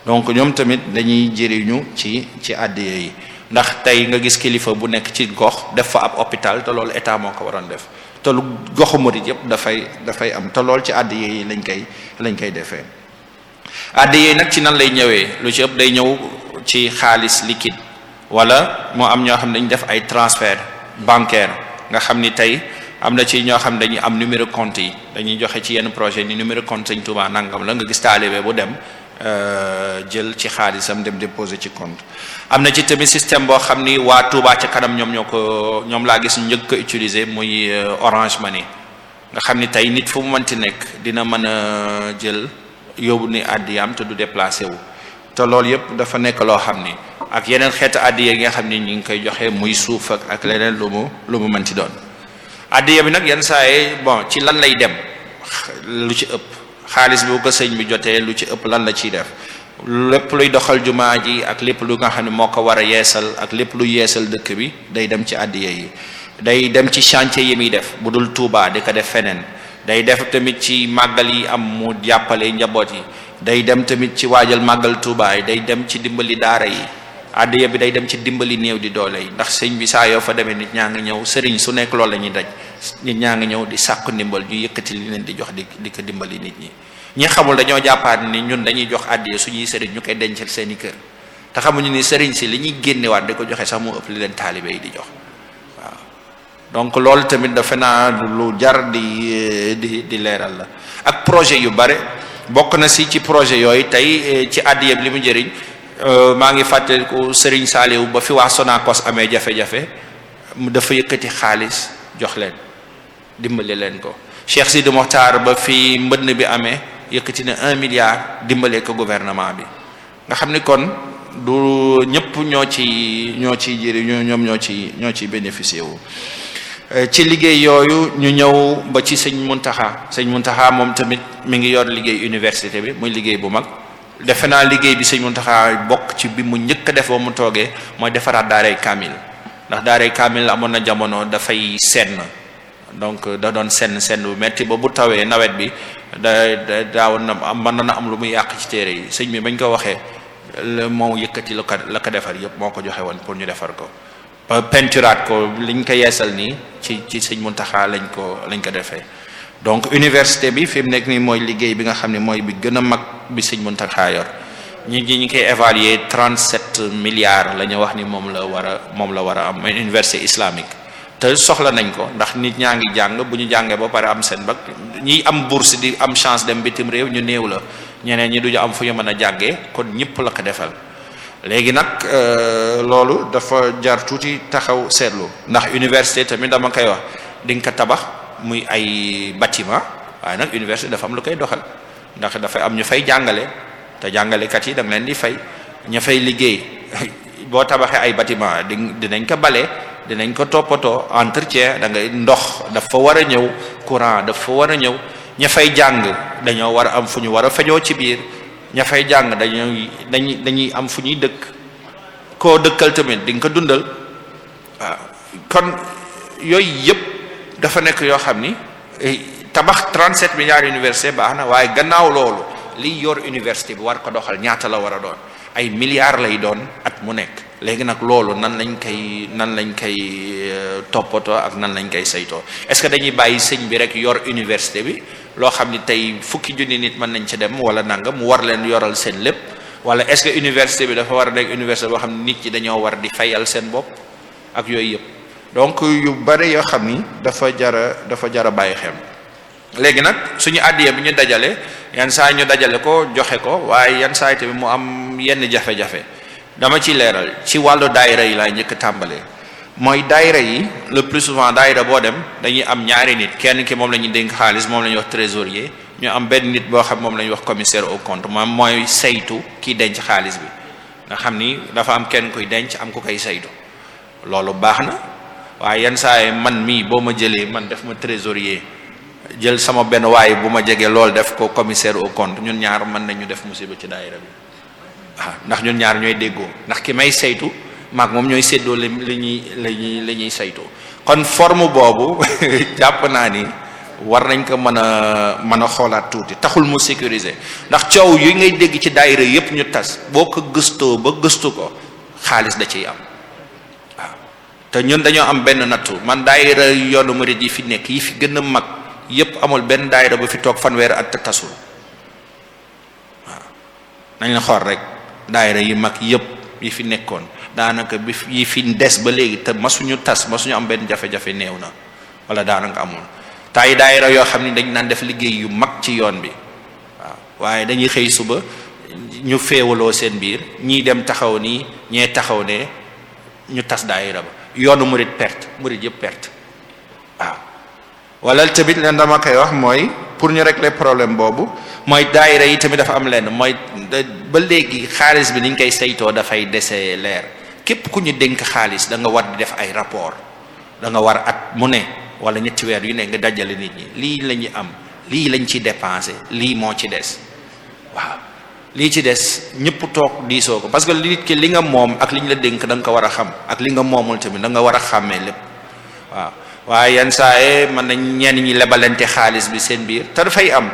donc ñoom tamit dañuy jëriñu ci ci àddiya yi ndax tey nga gis kilifa bu nekk ci gox def fa ab hôpital te loolu état moo ko waroon def te lu goxu murid yëpp dafay dafay am te lool ci àddiya yi lañ koy lañ koy defee àddiya yi nag ci nan lay ñëwee lu ci yëpp day ñëw ci xaalis liquide wala moo am ñoo xam ne dañ def ay transfert bancaire nga xam ni tey am na ci ñoo xam dañuy am numéro compte yi dañuy joxe ci yenn projet ni numéro compte Sëñ Tuubaa nangam la nga gis taalibe bu dem euh, jël ci xaalisam dem déposer ci compte am na ci tamit système boo xam ni waa Touba ci kanam ñoom ñoo ko ñoom laa gis njëkk ko utiliser muy euh, orangement ni nga xam ni tey nit fu mu mënti nekk dina mën a jël yóbbu ni àddiyaam te du déplacé wu te loolu yëpp dafa nekk loo xam ni ak yeneen xeetu addiya yi nga xam ni ñu ngi koy joxee muy suuf ak ak leneen lu mu lu mu mënti doon addiya bi nag yenn saa yi bon ci lan lay dem lu ci ëpp xaalis bu ko sëñ bi jotee lu ci ëpp lan la ciy def lépp luy doxal jumaa ji ak lépp lu nga xam ne moo ko war a yeesal ak lépp lu yeesal dëkk bi day dem ci addiya yi day dem ci chantier yi muy def bu dul tuubaa di ko def feneen day def tamit ci màggal yi am mu jàppale njaboot yi day dem tamit ci waajal màggal Touba yi day dem ci dimbali daara yi addiya bi day dem ci dimbali néew di doole yi ndax sëñ bi saa yoo fa demee nit ñaa ngi ñëw sëriñ su nekk loolu la ñuy daj nit ñaa ngi ñëw di sàkku ndimbal ñu yëkkati li leen di jox di di ko dimbali nit ñi ñi xamul dañoo jàppaat ni ñun dañuy jox addiya suñuy sëriñ ñu koy dencal seen i kër te xamuñu ni sëriñ si li ñuy génnewaat di ko joxe sax mu ëpp li leen taalibe yi di jox waaw donc loolu tamit dafe naa lu jar di di di leeral la ak projet yu bare bokk na si ci projet yooyu tey eh, ci addiya bi li mu jëriñ Euh, maa ngi fàttaliku Serigne Saliou ba fi waa Sonacos amee jafe-jafe mu dafa yëkkati xaalis jox leen dimbali leen ko Cheikh Sidi Mokhtar ba fi mbënn bi amee yëkkati na un milliard dimbalee ko gouvernement bi nga xam ni kon du ñëpp ñoo ci ñoo ci jëriñ ñoom ñoo ci ñoo ci bénéficier wu euh, ci liggéey yooyu ñu ñëw ba ci sëñ Muntaxa sëñ Muntaxa moom tamit mu ngi yor liggéey université bi muy liggéey bu mag defe naa liggéey bi sëñ Muntaxa bokk ci bi mu njëkk a def mu toogee mooy defaraat daaray kaamil ndax daaray kaamil amoon na jamono dafay senn donc da doon senn senn bu metti ba bu tawee nawet bi da da daawoon na man na am lu muy yàq ci téere yi sëñ bi bañ ko waxee moo yëkkati la ko la ko defar yëpp moo ko joxe woon pour ñu defar ko peinturaat ko liñ ko yeesal nii ci ci sëñ taxa lañ ko lañ ko defee. donc université bi fi mu nekk nii mooy liggéey bi nga xam ne mooy bi gën a mag bi sëñ Mountakha yor ñi ñi ñu koy évaluer trente-sept milliards la ñu wax ni moom la war a moom la war a am université islamique te soxla nañ ko ndax nit ñaa ngi jàng bu ñu jàngee ba pare am seen bac ñiy am bourse di am chance dem bitim réew ñu néew la ñeneen ñi duñu am fu ñu mën a jàngee kon ñëpp la ko defal léegi nag euh, loolu dafa jar tuuti taxaw seetlu ndax université tamit dama koy wax di nga ko tabax muy ay bâtiment waaye nag université dafa am lu koy doxal ndax dafay am ñu fay jàngale te jàngale kat yi da leen di fay ña fay liggéey (laughs) boo tabaxee ay bâtiment di dinañ ko bale dinañ ko toppatoo entretien da ngay ndox dafa war a ñëw courant dafa war a ñëw ña fay jàng dañoo war a am fu ñu war a fajoo ci biir ña jàng dañuy dañuy dañuy am fu ñuy dëkk koo dëkkal tamit di nga ko dundal waaw kon yooyu yëpp dafa nekk yoo xam ni eh, tabax trent 37 milliards université baax na waaye gannaaw loolu liy yor université bi war ko doxal ñaata la war a doon ay milliards lay doon at mu nekk léegi nag loolu nan lañ koy nan lañ koy eh, toppatoo ak nan lañ koy saytoo est-ce que dañuy bàyyi sëñ bi rek yor université bi loo xam ni tey fukki junni nit mën nañ ci dem wala nangam mu war leen yoral seen lépp wala est-ce que université bi dafa war a nekk université boo xam ni nit ñi dañoo war di fayal seen bopp ak yooyu yëpp. donc yu bari yoo xam ni dafa jara dafa jara bàyyi xel léegi nag suñu àddiya bu ñu dajalee yan saa ñu dajale ko joxe ko waaye yan saa tamit mu am yenn jafe-jafe dama ci leeral ci wàllu daayira yi laay njëkk tàmbalee mooy daayira yi le plus souvent daayira boo dem dañuy am ñaari nit kenn ki moom la ñuy dénk xaalis moom la ñuy wax trésorier ñu am benn nit boo xam moom la ñuy wax commissaire au compte moom mooy saytu kiy denc xaalis bi nga xam ni dafa am kenn kuy denc am ku koy saytu loolu baax na waaye yenn saa yi man mii boo ma jëlee man def ma trésorier jël sama benn waay bu ma jegee lool def ko commissaire au compte ñun ñaar mën nañu def musiba ci daayira bi ndax ñun ñaar ñooy déggoo ndax ki may saytu maak moom ñooy séddoo li ñuy li ñuy li ñuy saytu kon forme boobu (laughs) jàpp naa ni war nañ ko mën a mën a xoolaat tuuti taxul mu sécuriser ndax coow yi ngay dégg ci daayira yépp ñu tas boo ko gëstoo ba gëstu ko xaalis da ciy am te ñun dañoo am benn nattu man daayira yoonu murid yi fi nekk yi fi gën a mag yépp amul benn daayira bu fi toog fanweer at te tasul waaw nañ xool rek daayira yi mag yépp yi fi nekkoon daanaka bi yi fi des ba léegi te masuñu tas masuñu am benn jafe-jafe néew na wala daanaka amul te ay daayira yoo xam ne dañ naan def liggéey yu mag ci yoon bi waaw waaye dañuy xëy suba ñu féewaloo seen biir ñii dem taxaw nii ñee taxaw ne ñu tas daayira ba yoonu murit perte murit yëpp perte waaw wala tamit leen dama koy wax mooy pour ñu régler problème boobu mooy daayira yi tamit dafa am lenn mooy ba léegi xaalis bi niñ koy saytoo dafay dese leer képp ku ñu dénk xaalis da nga war di def ay rapport da nga war at mu ne wala ñetti weer yu ne nga dajale nit ñi lii lañuy am lii lañ ci dépensé lii moo ci des waaw lii ci des ñëpp toog diisoo ko parce que li nit ki li nga moom ak li ñu la dénk da ko war a xam ak li nga moomul tamit da war a xàmmee lépp waaw waaye yenn saa yi mën nañ ñenn ñi lebalante xaalis bi seen biir te dafay am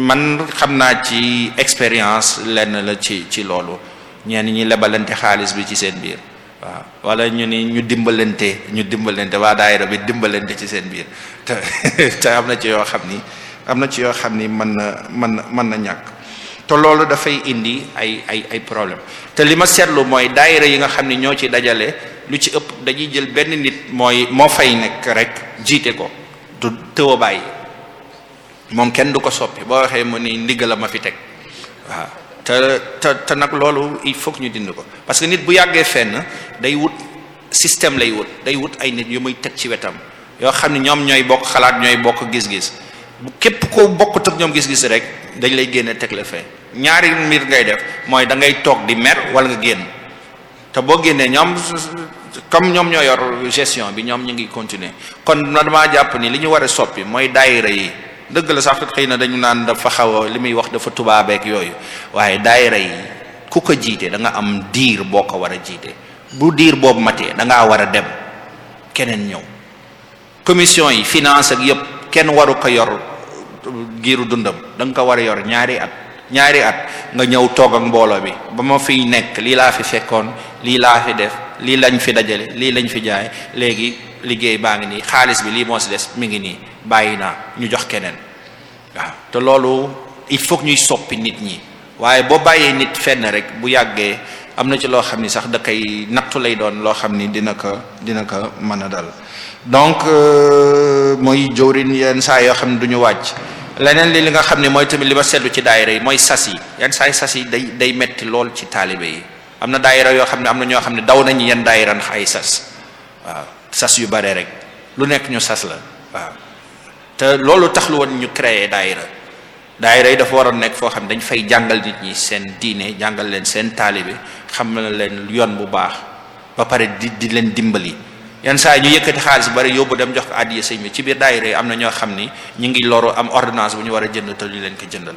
man xam naa ci expérience lenn la ci ci loolu ñenn ñi lebalante xaalis bi ci seen biir waaw wala ñu ni ñu dimbalante ñu dimbalante waa daayira bi dimbalante ci seen biir te (laughs) te am na ci yoo xam ni am na ci yoo xam ni mën na mën na mën na ñàkk. te loolu dafay indi ay ay ay problème te li ma seetlu mooy daayira yi nga xam ne ñoo ci dajale lu ci ëpp dañuy jël benn nit mooy moo fay nekk rek jiite ko du tëw bàyyi moom kenn du ko soppi boo waxee mu ni ndigg la ma fi teg waaw te te nag loolu il foog ñu dind ko parce que nit bu yàggee fenn day wut système lay wut day wut ay nit yu muy teg ci wetam yoo xam ne ñoom ñooy bokk xalaat ñooy bokk gis-gis bu képp ko bokkut ak ñoom gis-gis rek dañ lay génne teg la fee ñaari mbir ngay def mooy da ngay toog di mer wala nga génn te boo génnee ñoom comme ñoom ñoo yor gestion bi ñoom ñu ngi continuer kon damaa jàpp ni li ñu war a soppi mooy daayira yi dëgg la sax xëy na dañu naan dafa xaw a li muy wax dafa tubaabeek yooyu waaye daayira yi ku ko jiite da nga am diir boo ko war a jiite bu diir boobu matee da ngaa war a dem keneen ñëw commission yi finance ak yëpp kenn waru ko yor giiru dundam danga ko war a yor ñaari at. ñaari at nga ñëw toog ak mbooloo bi ba ma fiy nekk lii laa fi fekkoon lii laa fi def lii lañ fi dajale lii lañ fi jaay léegi liggéey baa ngi nii xaalis bi lii moo si des mi ngi nii bàyyi naa ñu jox keneen waaw te loolu il faut ñuy soppi nit ñi waaye boo bàyyee nit fenn rek bu yàggee am na ci loo xam ni sax da koy nattu lay doon loo xam ni dina ko dina ko mën a dal donc euh, mooy jëwrin yenn saa yoo xam ne duñu wàcc leneen li li nga xam ne mooy tamit li ma seetlu ci daayira yi mooy sas yi yan saay sas yi day day metti lool ci taalibe yi am na daayira yoo xam ne am na ñoo xam ne daw nañu yan daayira ndax ay sas waaw sas yu bare rek lu nekk ñu sas la waaw te loolu tax lu woon ñu créer daayira daayira yi dafa waroon nekk foo xam ne dañ fay jàngal nit ñi seen diine jàngal leen seen taalibe xam na leen yoon bu baax ba pare di di leen dimbali yenn saa yi ñu yëkkati xaalis bari yóbbu dem jox ko addiya sëñ bi ci biir daayira am na ñoo xam ni ñu ngi loru am ordonnance bu ñu war a jënd te leen ko jëndal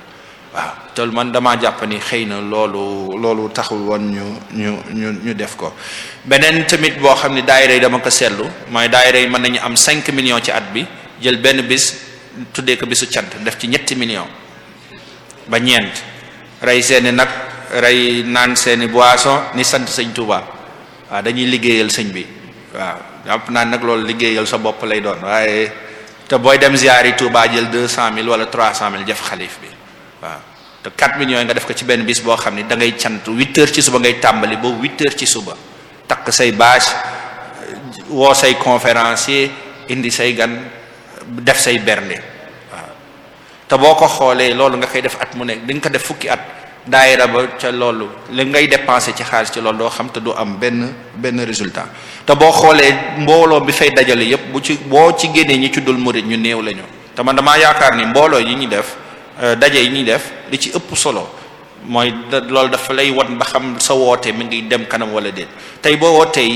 waaw te man damaa jàpp ni xëy na loolu loolu taxul woon ñu ñu ñu ñu def ko beneen tamit boo xam ni daayira yi dama ko seetlu mooy daayira yi mën nañu am cinq millions ci at bi jël benn bis tuddee ko bisu cant def ci ñetti million ba ñeent rey seeni nag rey naan seeni boisson ni sant sëñ Touba waaw dañuy liggéeyal sëñ bi jàpp naa nag loolu liggéeyal sa bopp lay doon waaye te booy dem ziyaari Touba jël deux cent mille wala trois cent mille jëf xalif bi waaw te quatre millions yi nga def ko ci benn bis boo xam ni dangay ngay cant huit ci suba ngay tàmbali ba huit heures ci suba takk say bâche woo say conférencier indi say gan def say bernde waaw te boo ko xoolee loolu nga koy def at mu nekk di nga ko def fukki at daayira ba ca loolu li ngay dépensé ci xaalis ci loolu doo xam te du am benn benn résultat te boo xoolee mbooloo bi fay dajale yépp bu ci boo ci génnee ñi ci dul murid ñu néew lañu te man damaa yaakaar ni mbooloo yi ñuy def euh, daje yi ñuy def li ci ëpp solo mooy loolu dafa lay won ba xam sa woote mi ngi dem kanam wala déet tey boo wootee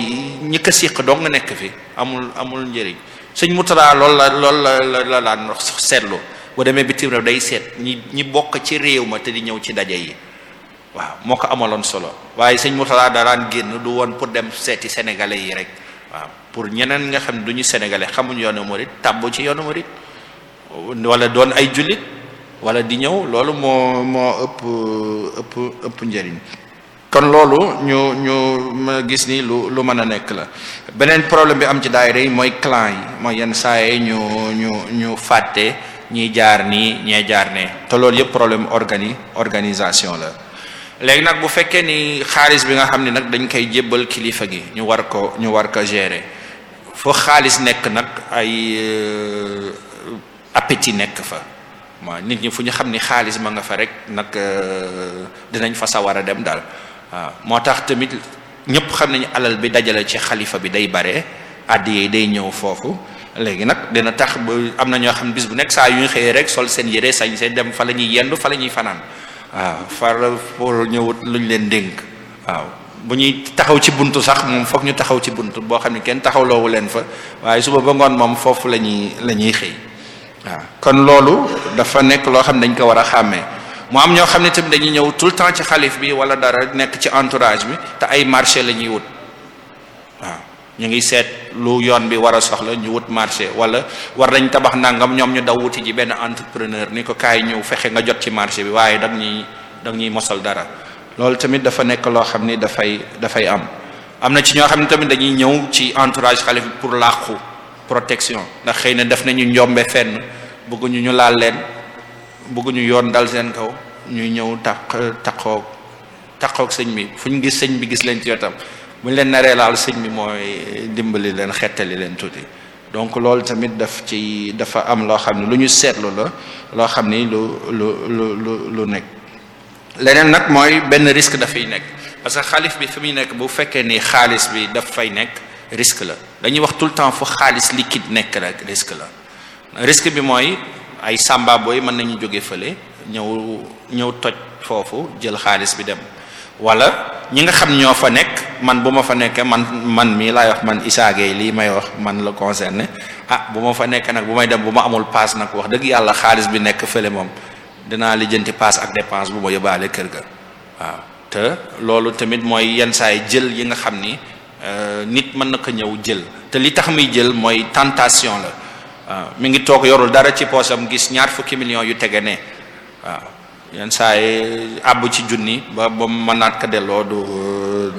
ñi ko siq doo nga nekk fi amul amul njëriñ suñ Moutara loolu la loolu la la daan seetlu boo demee bitim réew day seet ñi ñi bokk ci réew ma te di ñëw ci daje yi waaw moo ko amaloon solo waaye sëñ Murtala daraan génn du woon pour dem seeti sénégalais yi rek waaw pour ñeneen nga xam ne du ñu sénégalais xamuñ yoonu murit tàbbu ci yoonu murit wala doon ay jullit wala di ñëw loolu moo moo ëpp ëpp ëpp njëriñ kon loolu ñu ñu ma gis ni lu lu mën a nekk la beneen problème bi am ci daayira yi mooy clan yi mooy yenn saa yi ñu ñu ñu fàtte. ñii jaar nii ñee jaar ne te loolu yëpp problème organi organisation la léegi nag bu fekkee ni xaalis bi nga xam ne nag dañ koy jébbal kilifa gi ñu war ko ñu war ko gérer foo xaalis nekk nag ay euh, appétit nekk fa ma nit ñi fu ñu xam ni xaalis ma nga fa rek nag euh, dinañ fa sawar a dem daal waaw moo tax tamit ñëpp xam nañu alal bi dajale ci xalifa bi day bare àddi yi day ñëw foofu léegi nag dina tax ba am na ñoo xam ne bis bu nekk saa yu ñu xëyee rek sol seen yére sañ seen dem fa la ñuy yendu fa la ñuy fanaan waaw far pour ñëwut lu ñu leen dénk waaw bu ñuy taxaw ci bunt sax moom foog ñu taxaw ci bunt boo xam ne kenn taxaw loowu leen fa waaye suba ba ngoon moom foofu la ñuy la ñuy xëy waaw kon loolu dafa nekk loo xam ne dañ ko war a xàmmee mu am ñoo xam ne tamit dañuy ñëw tout le temps ci xalif bi wala dara nekk ci entourage bi te ay marché la ñuy wut ñu ngi seet lu yoon bi war a soxla ñu wut marché wala war nañ tabax nangam ñoom ñu daw wuti ji benn entrepreneur ni ko kaay ñëw fexe nga jot ci marché bi waaye dag ñuy dag ñuy mosal dara loolu tamit dafa nekk loo xam ni dafay dafay am am na ci ñoo xam ne tamit dañuy ñëw ci entourage xalif pour làqu protection ndax xëy na def nañu njombe fenn bëgguñu ñu laal leen bëgguñu yoon dal seen kaw ñuy ñëw taq taqoog taqoog sëñ bi fu ñu gis sëñ bi gis leen ci yotam bu ñu leen naree laal sëñ bi mooy dimbali leen xettali leen tuuti donc loolu tamit def ci dafa am loo xam ne lu ñu seetlu la loo xam ni lu lu lu nekk leneen nag mooy benn risque dafay nekk parce que xaalis bi fi muy nekk bu fekkee ni xaalis bi daf fay nekk risque la dañuy wax tout le temps fu xaalis liquide nekk rek risque la risque bi mooy ay sàmbaabooy mën nañu jóge fële ñëw ñëw toj foofu jël xaalis bi dem wala ñi nga xam ñoo fa nekk man bu ma fa nekkee man man mii laay wax man Issa lii may wax man la concerné ah bu ma fa nekkee nag bu may dem bu ma amul paas nag wax dëgg yàlla xaalis bi nekk fële moom dinaa lijjanti paas ak dépense bu ma yóbbaale kër ga waaw te loolu tamit mooy yenn saay jël yi nga xam ni euh, nit mën na ko ñëw jël te li tax muy jël mooy tentation la waaw mu ngi toog yorul dara ci poosam gis ñaar fukki million yu tege ne waaw yenn saa yi àbb ci junni ba ba mënaat ko delloo du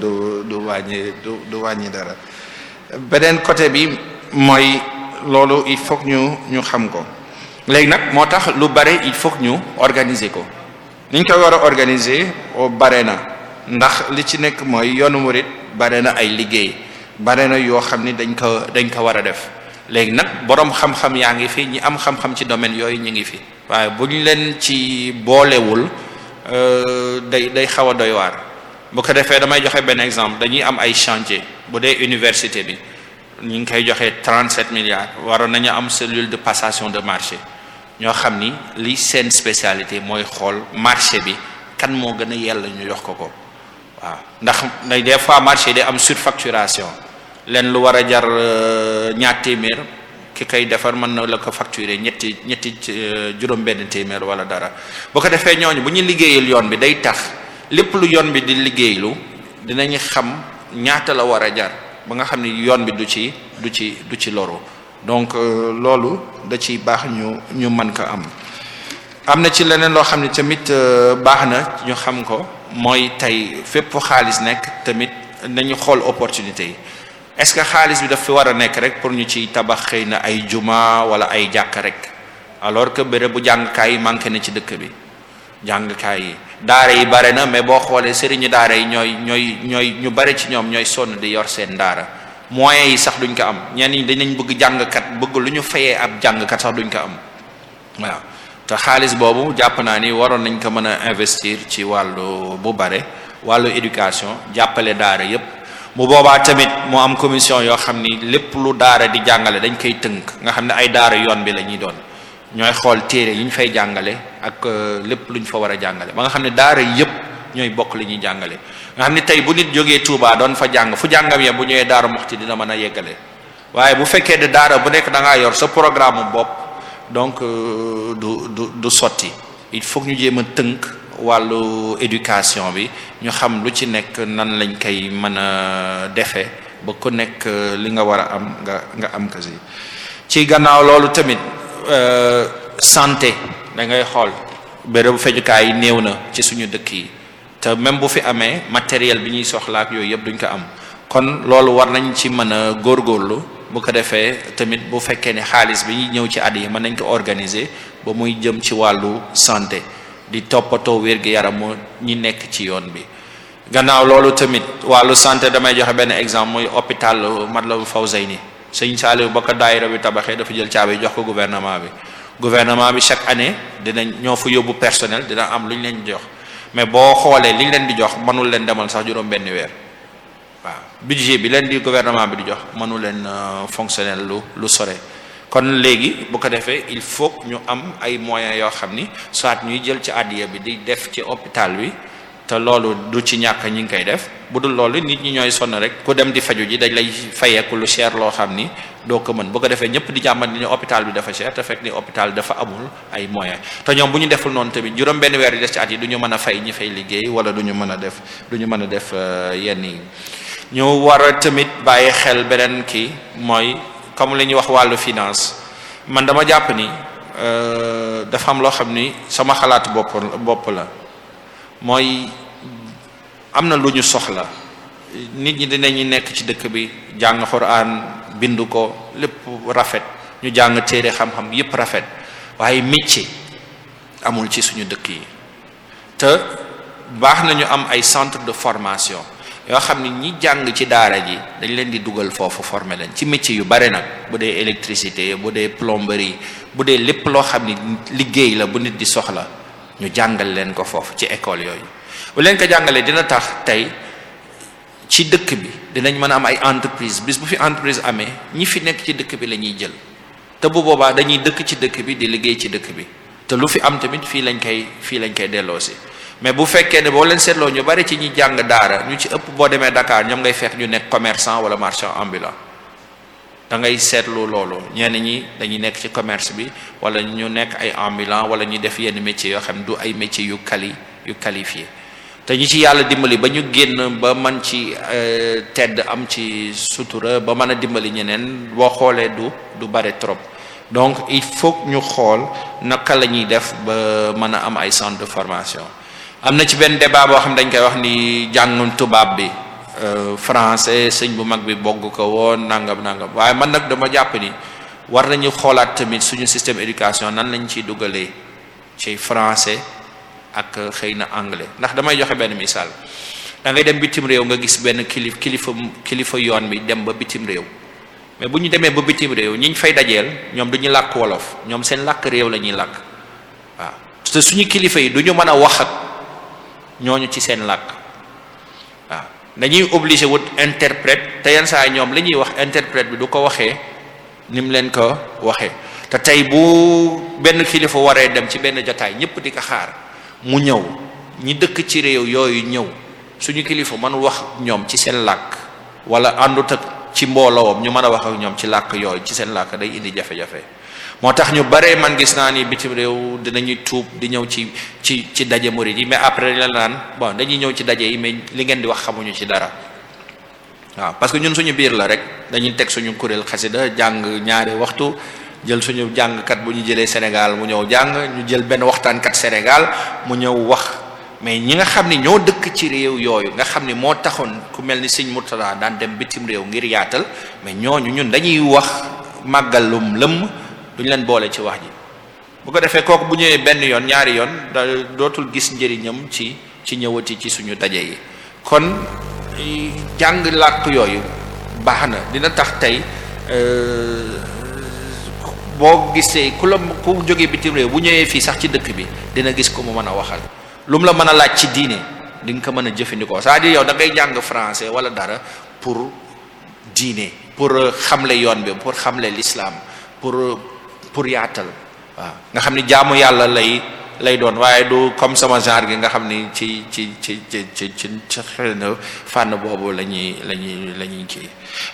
du du wàññi du du wàññi dara beneen côté bi mooy loolu il foog ñu ñu xam ko léegi nag moo tax lu bare il foog ñu organiser ko niñ koy war a organiser oh, bare na ndax li ci nekk mooy yoonu warit bare na ay liggéey bare na yoo xam ni dañ ko dañ ko war a def léegi nag boroom xam-xam yaa ngi fi ñi am xam-xam ci domaine yooyu ñu ngi fi waaye bu ñu leen ci boolewul euh, day day xaw a doy waar bu ko defee damay joxe benn exemple dañuy am ay chantier bu dee université bi ñu ngi koy joxe trente 37 milliards waroon nañu am cellule de passation de marché ñoo xam ni li seen spécialité mooy xool marché bi kan moo gën a yella ñu jox ko ko waaw ndax des fois marché de am surfacturation leen lu war a jar euh, ñaar téeméer ki kay defar mën na la ko facturer ñetti ñetti euh, juróom-benn téeméer wala dara boo ko defee ñooñu bu ñu liggéeyal yoon bi day tax lépp lu yoon bi di liggéeylu dinañu xam ñaata la war a jar ba nga xam ni yoon bi du ci du ci du ci loru donc euh, loolu da ci baax ñu ñu mën ko am am na ci leneen loo xam ne tamit euh, baax na ñu xam ko mooy tey fépp xaalis nekk tamit nañu xool opportunité yi est-ce que xaalis bi dafa fi war a nekk rek pour ñu ci tabax xëy na ay juma wala ay jàkk rek alors que béréb bu jàngkaay yi manqué na ci dëkk bi jàngkaay yi daara yi bare na mais boo xoolee sëriñu daara yi ñooy ñooy ñooy ñu bare ci ñoom ñooy sonn di yor seen daara moyens yi sax duñ ko am ñenn ñi dinañ bëgg jàngkat bëgg lu ñu fayee ab jàngkat sax duñ ko am waa te xaalis boobu jàpp naa ni waroon nañ ko mën a investir ci wàllu bu bare wàllu éducation jàppale daara yépp bu boobaa tamit mu am commission yoo xam ni lépp lu daara di jàngale dañ koy tënk nga xam ne ay daara yoon bi la ñuy doon ñooy xool téere yi ñu fay jàngale ak euh, lépp lu ñu fa war a jàngale ba nga xam ne daara yépp ñooy bokk li ñuy jàngale nga xam ne tey bu nit jógee tuubaa doon fa jàng fu jàngam ya bu ñëwee Daaru Muxti dina mën a yeggale waaye bu fekkee ne daara bu nekk da ngaa yor sa programme bopp donc euh, du du du sotti il faut ñu jéem a tënk wàllu éducation bi ñu xam lu ci nekk nan lañ koy mën a defee ba ku nekk euh, li nga war a am nga nga am kasi ci gannaaw loolu tamit euh, santé da ngay xool bérébu fejukaay yi néew na ci suñu dëkk yi te même bu fi amee matériel bi ñuy soxlaak yooyu yëpp duñ ko am kon loolu war nañ ci mën a góorgóorlu bu ko defee tamit bu fekkee ne xaalis bi ñëw ci at yi mën nañ ko organiser ba muy jëm ci wàllu santé di toppatoo wér-gu-yaramu ñi nekk ci yoon bi gannaaw loolu tamit wàllu santé damay joxe benn exemple muy hôpital Matlaboul Fawzayni sëñ Saliou ba ko daayira bi tabaxee dafa jël caabi jox ko gouvernement bi gouvernement bi chaque année dinañ ñoo fu yóbbu personnel dina am lu ñu leen jox mais boo xoolee li ñu leen di jox mënul leen demal sax juróom benn weer waaw budget bi leen di gouvernement bi di jox mënul leen euh, fonctionnel lu lu sore kon léegi bu ko defee il faut ñu am ay moyens yoo xam ni soit ñuy jël ci addiya bi di def ci hôpital bi te loolu du ci ñàkk ñi ngi koy def bu dul loolu nit ñi ñooy sonn rek ku dem di faju ji dañ lay fayeeku lu cher loo xam ni doo ko mën bu ko defee ñëpp di jàmbat ni hôpital bi dafa cher te fekk ni hôpital dafa amul ay moyens te ñoom bu ñu deful noonu tamit juróom benn weer yi des ci at yi du mën a fay ñi fay liggéey wala du ñu mën a def du ñu mën a def euh, yenn yi beneen kii mooy comme li ñuy wax wàllu finance man dama jàpp ni euh, dafa am loo xam ni sama xalaat bopp bopp la mooy am na lu ñu soxla nit ñi dinañu nekk ci dëkk bi jàng xuraan bindu ko lépp rafet ñu jàng téere xam-xam yépp rafet waaye métier amul ci suñu dëkk yi te baax nañu am ay centre de formation yoo xam ne ñi jàng ci daara ji dañ leen di dugal foofu former leen ci métier yu bare nag bu dee électricité bu dee plomberie bu dee lépp loo xam ni liggéey la bu nit di soxla ñu jàngal leen ko foofu ci école yooyu bu leen ko jàngalee dina tax tey ci dëkk bi dinañ mën a am ay entreprise bis bu fi entreprise amee ñi fi nekk ci dëkk bi la ñuy jël te bu boobaa dañuy dëkk ci dëkk bi di liggéey ci dëkk bi te lu fi am tamit fii lañ koy fii lañ koy delloosi mais bu fekkee ne boo leen seetloo ñu bari ci ñi jàng daara ñu ci ëpp boo demee dakaar ñoom ngay fekk ñu nekk commerçant wala marchand ambulant da ngay seetlu loolu ñenn ñi dañuy nekk ci commerce bi wala ñu nekk ay ambulant wala ñu def yenn métiers yoo xam ne du ay métiers yu quali yu qualifié te ñu ci yàlla dimbali ba ñu génn ba man ci euh, tedd am ci sutura ba mën a dimbali ñeneen boo xoolee du du bare trop donc il faut ñu xool naka la ñuy def ba mën a am ay centre de formation am na ci benn débat boo xam dañ koy wax ni jàngum tubaab bi euh, français sëñ bu mag bi bogg ko woon nangam nangam waaye man nag dama jàpp ni war nañu xoolaat tamit suñu système éducation nan lañ ciy dugalee ci français ak xëy na anglais ndax damay joxe benn misaal da dem bitim réew nga gis benn kilif kilifa kilifa yoon bi dem ba bitim réew mais bu ñu demee ba bitim réew ñi ñu fay dajeel ñoom du ñu làkk wolof ñoom seen làkk réew la ñuy làkk waaw te suñu kilifa ñooñu ci seen làkk waaw dañuy obligé wut interprète te yenn saa ñoom li ñuy wax interpret bi du ko waxee ni leen ko waxee te tey bu benn kilifa waree dem ci benn jataay ñëpp di ko xaar mu ñëw ñi dëkk ci réew yooyu ñëw suñu kilifa mënul wax ñoom ci seen làkk wala àndut ak ci mbooloowam ñu mën a wax ak ñoom ci làkk yooyu ci seen làkk day indi jafe-jafe. moo tax ñu bare man gis naa ni bitim réew dinañuy tuub di ñëw ci ci ci daje murid yi mais après la naan bon dañuy ñëw ci daje yi mais li ngeen di wax xamuñu ci dara waaw parce que ñun suñu biir la rek dañuy teg suñu kuréel xasida jàng ñaari waxtu jël suñu jàngkat bu ñu jëlee Sénégal mu ñëw jàng ñu jël benn waxtaankat Sénégal mu ñëw wax mais ñi nga xam ni ñoo dëkk ci réew yooyu nga xam ni moo taxoon ku mel ni Sëñ Murtada daan dem bitim réew ngir yaatal mais ñooñu ñun dañuy wax màggalum lëmm duñ leen boole ci wax ji bu ko defee kooku bu ñëwee benn yoon ñaari yoon da dootul gis njëriñam ci ci ñëwati ci suñu daje yi kon jàng làkk yooyu baax na dina tax tey e, boo gisee ku la ku jógee bitim réew bu ñëwee fii sax ci dëkk bi dina gis ko mu mën a waxal lu mu la mën a laaj ci diine di nga ko mën a jëfandikoo cest di yow da ngay jàng français wala dara pour diine pour xamle yoon bi pour xamle lislaam pour. pour yaatal waaw nga xam ni jaamu yàlla lay lay doon waaye du comme sama genre gi nga xam ni ci ci ci ci ci ci xëy fànn boobu la ñuy la ñuy la ñuy kii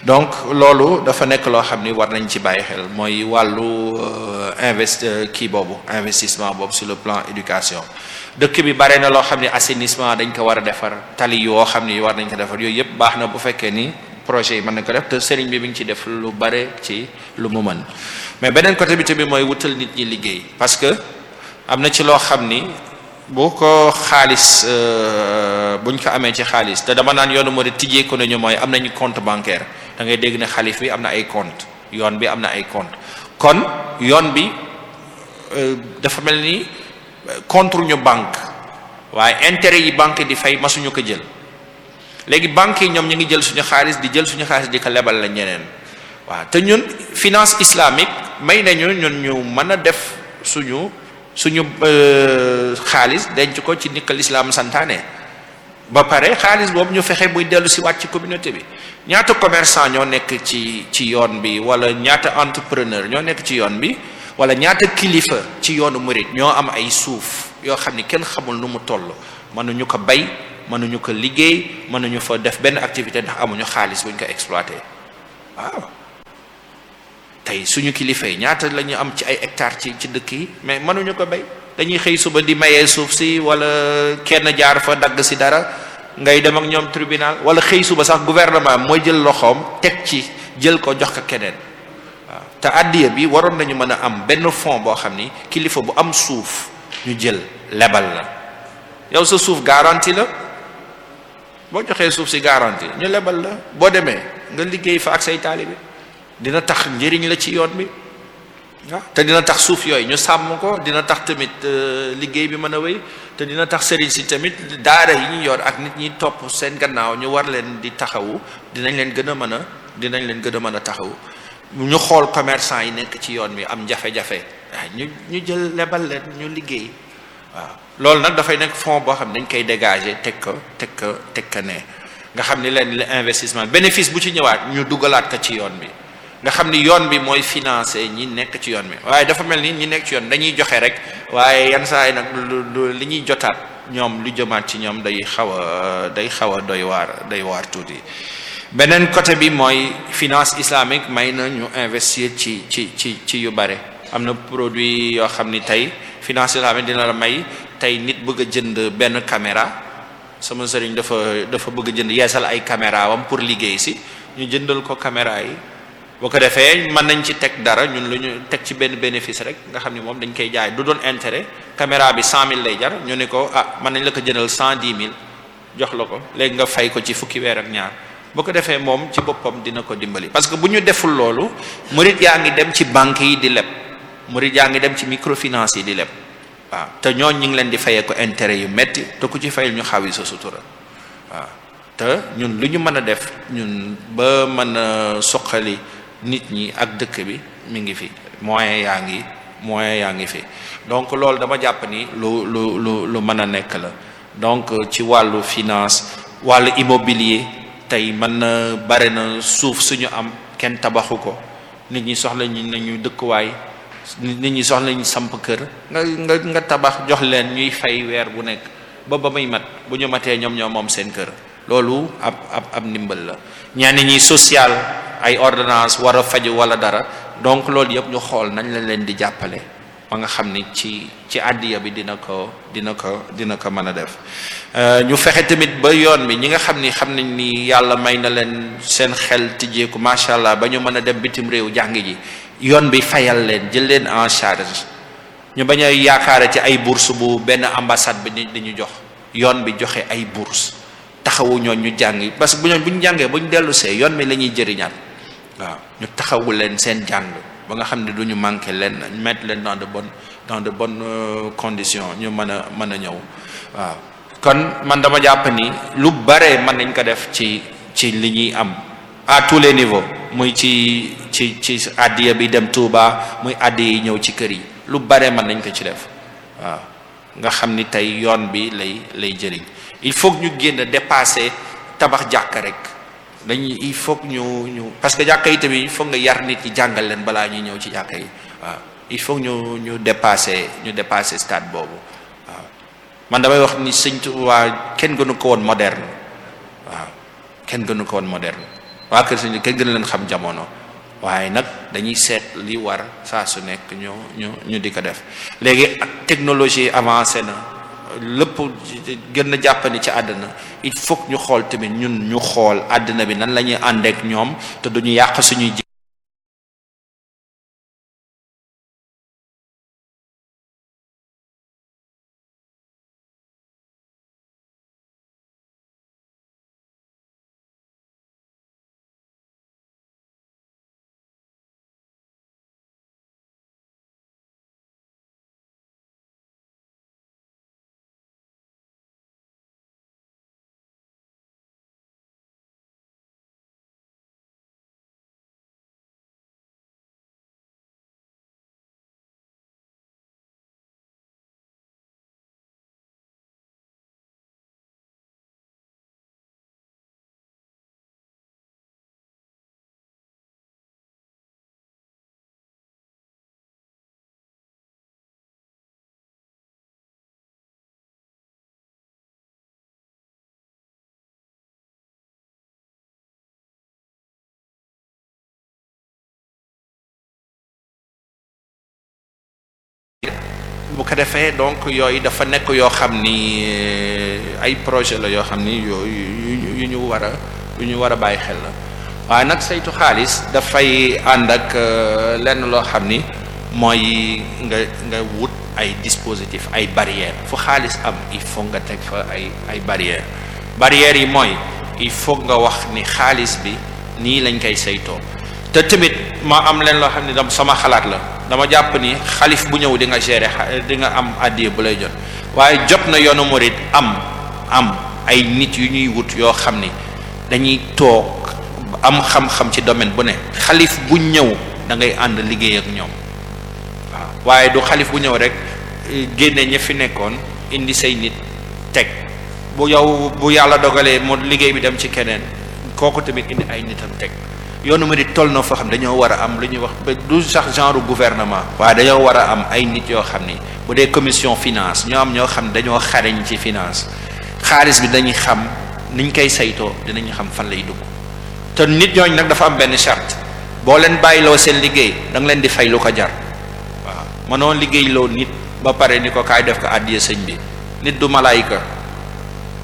donc loolu dafa nekk loo xam ni war nañ ci bàyyi xel mooy wàllu euh, invest euh, kii boobu investissement boobu sur le plan éducation dëkk bi bare na loo xam ni assainissement dañ ko war a defar tali yoo xam ni war nañ ko defar yooyu yëpp baax na bu fekkee ni projet yi mën na ko def te sëriñ bi mi ngi ci def lu bare ci lu mu mën mais beneen côté bi mooy wutal nit ñi liggéey parce que am na ci loo xam ni boo ko xaalis euh, buñ ko amee ci xaalis te dama naan yoonu moo di tijjee ko nañu mooy am nañu compte bancaire da ngay ne xalif bi am na ay compte yoon bi am na ay compte kon yoon bi euh, dafa mel ni euh, contre ñu banque waaye intérêt yi banque di fay masuñu ko jël léegi banque yi ñoom ñu ngi jël suñu xaalis di jël suñu xaalis di ko lebal la ñeneen waaw te ñun finance islamique may nañu ñun ñu mën a def suñu suñu euh, xaalis denc ko ci nikkal islam santaane ba pare xaalis boobu ñu fexe muy dellu si waat ci communauté bi ñaata commerçant ñoo nekk ci ci yoon bi wala ñaata entrepreneur ñoo nekk ci yoon bi wala ñaata kilifa ci yoonu murit ñoo am ay suuf yoo xam ni kenn xamul nu mu toll mënuñu ko bay mënuñu ko liggéey mënuñu fa def benn activité ndax amuñu xaalis buñ ko exploité waaw tey suñu kilifa yi ñaata la am ci ay hectares ci ci dëkk yi mais mënuñu ko bay dañuy xëy suba di mayee suuf si wala kenn jaar fa dagg si dara ngay dem ak ñoom tribunal wala xëy suba sax gouvernement mooy jël loxoom teg ci jël ko jox ko keneen waaw te addiya bi waroon nañu mën a am benn fond boo xam ni kilifa bu am suuf ñu jël lebal la yow sa suuf garantie la boo joxee suuf si garantie ñu lebal la boo demee nga liggéey fa ak say taalibe dina tax njëriñ la ci yoon bi ah te dina tax suuf yooyu ñu sàmm ko dina tax tamit euh, liggéey bi mën a wéy te dina tax sëriñ si tamit daara yi ñu yor ak nit ñi topp seen gannaaw ñu war leen di taxawu dinañ leen gën a mën a dinañ leen gën a mën a taxawu ñu xool commerçant yi nekk ci yoon bi am jafe-jafe ah, ñu ñu jël lebal leen ñu liggéey waaw loolu nag dafay nekk fonds boo xam ne dañ koy dégager teg ko teg ko teg ko ne nga xam ni leen investissement bénéfice bu ci ñëwaat ñu dugalaat ko ci yoon bi. nga xam ni yoon bi mooy financé ñi nekk ci yoon bi waaye dafa mel ni ñi nekk ci yoon dañuy joxe rek waaye yan saa yi nag lu li ñuy jotaat ñoom lu jëmaat ci ñoom day xaw a day xaw a doy waar day waar tuuti beneen côté bi mooy finance islamique may na ñu investir ci ci ci ci yu bare am na produit yoo xam ni tey finance islamique dina la may tey nit bëgg jënd benn caméra sama sëriñ dafa dafa bëgg jënd yeesal ay caméra pour liggéey si ñu jëndal ko caméra yi boo ko defee mën nañ ci teg dara ñun lu ñu teg ci benn bénéfice rek nga xam ni moom dañ koy jaay du doon intérêt caméra bi cent mille lay jar ñu ne ko ah mën nañ la ko jëndal cent dix mille jox la ko léegi nga fay ko ci fukki weer ak ñaar bu ko defee moom ci boppam dina ko dimbali parce que bu ñu deful loolu murid yaa ngi dem ci banque yi di leb murid yaa ngi dem ci microfinance yi di leb waaw te ñoo ñu ngi leen di fayee ko intéret yu metti te ku ci fayal ñu xawi sa sutura waaw te ñun lu ñu mën a def ñun ba mën a suqali nit ñi ak dëkk bi mu ngi fi moyen yaa ngi moyen yaa ngi fi donc loolu dama jàpp ni lu lu lu lu mën a nekk la donc ci wàllu finance wàllu immobilier tey mën na bare na suuf suñu am kenn tabaxu ko nit ñi soxla ñu nañu dëkkuwaay nit ñi soxla ñu samp kër nga nga nga tabax jox leen ñuy fay weer bu nekk ba ba muy mat bu ñu matee ñoom ñoo moom seen kër loolu ab ab ab ndimbal la ñaan ñi social ay ordonnance war a faju wala dara donc loolu yëpp ñu xool nañ lañ leen di jàppale ba nga xam ni ci ci àddiya bi dina ko dina ko dina ko mën a def euh, ñu fexe tamit ba yoon bi ñi nga xam ni xam nañ ni yàlla may na leen seen xel tijjeeku macha allah ba ñu mën a dem bitim réew jàng ji yoon bi fayal leen jël leen en charge ñu bañ a yaakaare ci ay bourse bu benn ambassade bi di ñu jox yoon bi joxe ay bourse taxawu ñoon ñu jàng parce que bu ñoon bu ñu jàngee bu ñu dellu see yoon bi la ñuy jëriñaat waaw ñu taxawu leen seen jàng ba nga xam ne du ñu manqué leen mettre leen dans de bonnes dans de bonnes euh, condition ñu mën a mën a ñëw waaw kon man dama jàpp ni lu bare mën nañ ko def ci ci li ñuy am à tous les niveaux muy ci ci ci addiya bi dem Touba muy addiya ñëw ci kër yi lu bare mën nañ ko ci def waaw nga xam ni tey yoon bi lay lay jëriñ il faut ñu génn dépasser tabax jàkk rek dañuy il faut ñu ñu parce que jàkka yi tamit il faut nga yar nit ñi jàngal leen balaa ñuy ñëw ci jàkka yi waaw il faut ñu ñu dépasser ñu dépasser stade boobu waaw man damay wax ni Sëñ Tuubaa kenn gënu ko woon moderne waaw kenn gënu ko woon moderne waa kër Sëñ kenn gënu leen xam jamono waaye nag dañuy seet li war saa su nekk ñu ñu ñu di ko def léegi technologie avancée na. lépp gën a jàppandi ci àddina il faut ñu xool tamit ñun ñu xool àddina bi nan la ñuy àndeek ñoom te duñu yàq suñuy bu ko defee donc yooyu dafa nekk yoo xam ni ay projet la yoo xam ni yooyu yu ñu war a yu ñu war a bàyyi xel la waaye nag saytu xaalis dafay ànd ak euh, lenn loo xam ni mooy nga nga wut ay dispositif ay barrières fu xaalis am il faut nga teg fa ay ay barrières barrières yi mooy il faut nga wax ni xaalis bi nii lañ koy saytoo te tamit ma am leen loo xam ni dam sama xalaat la dama jàpp ni xalif bu ñëw dinga nga gérer eh, di nga am addiye bu lay jot waaye jot na yoonu murid am am ay nit yu ñuy wut yoo xam ni dañuy toog am xam-xam ci domaine bu ne xalif bu ñëw dangay ànd liggéey ak ñoom waaw waaye du xalif bu ñëw rek eh, génne ña fi nekkoon indi say nit teg bu yow bu yàlla dogalee moo liggéey bi dem ci keneen kooku tamit indi ay nitam teg yoonu murid toll na foo xam dañoo war a am lu ñuy wax ba du sax genre gouvernement waaye dañoo war a am ay nit yoo xam ni bu dee commission finance ñoo am ñoo xam dañoo xareñ ci finance xaalis bi dañuy xam niñ koy saytoo dinañu xam fan lay dugg nit ñooñu nag dafa am benn charte boo leen bàyyiloo seen liggéey da leen di fay lu ko jar waaw mënoo liggéeyloo nit ba pare ni ko kaay def ko àddiya sëñ bi nit du malaayka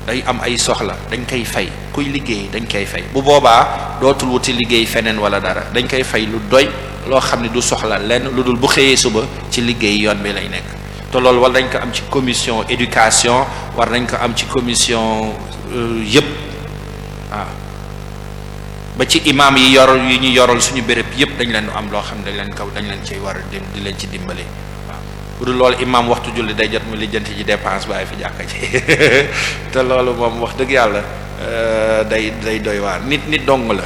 day am ay soxla dañ koy fay kuy liggéey dañ koy fay bu boobaa dootul wuti liggéey feneen wala dara dañ koy fay lu doy loo xam ne du soxla lenn lu dul bu xëyee suba ci liggéey yoon bi lay nekk te loolu war nañ ko am ci commission éducation war nañ ko am ci commission euh, yëpp waaw ba ci imaam yi yor ñu yoral suñu béréb yëpp dañ leen am loo xam ne dañ leen kaw dañ leen ciy war a di leen ci dimbale waaw bu dul loolu imaam waxtu julli day jot mu lijjanti ji dépense fi (laughs) te loolu moom wax dëgg yàlla Euh, day day doy waar nit nit dong la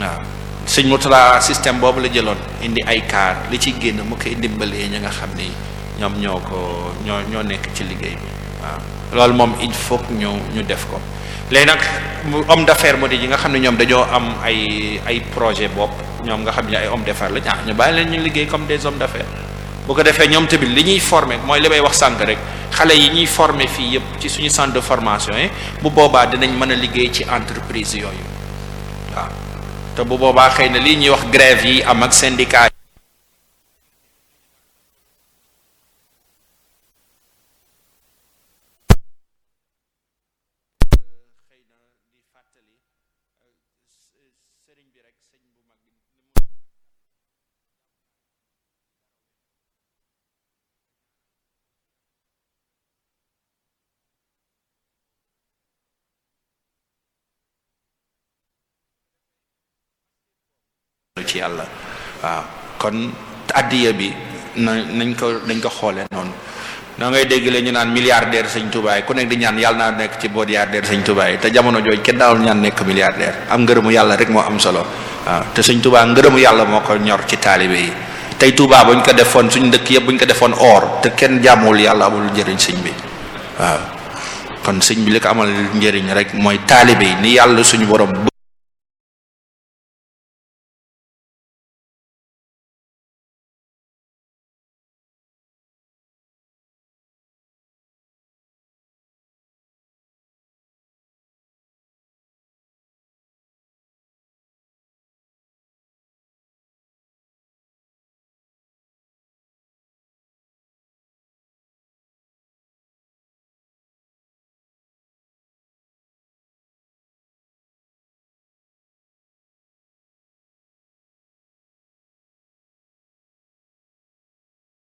waaw sëñ Moutala système boobu la jëloon indi ay kaar li ciy génn mu koy dimbalee ñu nga xam ni ñoom ñoo ko ñoo ñoo nekk ci liggéey bi waaw loolu moom il faut ñu ñu def ko léegi nag homme d'affaires moo di yi nga xam ne ñoom dañoo am ay ay projet bopp ñoom nga xam ne ay homme d'affaires la ah ñu bàyyi leen ñu liggéey comme des hommes d'affaires bu ko defee ñoom tamit li ñuy former mooy li may wax sànq rek. xale yi ñuy former fii yépp ci suñu centre de formation yi bu boobaa dinañ mën a liggéey ci entreprise yooyu waaw te bu boobaa xëy na lii ñuy wax grève yi am ak syndicat ci yàlla waaw kon addiya bi na nañ ko nañ ko xoole noonu da ngay dégg la ñu naan milliardaire sëñ tubaay ku nekk di ñaan yàlla naa nekk ci milliardaire sëñ tubaay te jamono jooju kenn daawul ñaan nekk milliardaire am ngërëmu yàlla rek moo am solo waaw te sëñ tubaa ngërëmu yàlla moo ko ñor ci taalibe yi tey tubaa buñ ko defoon suñ dëkk yëpp buñ ko defoon or te kenn jaamuwul yàlla amul njëriñ sëñ bi waaw kon sëñ bi li ko amal njëriñ rek mooy taalibe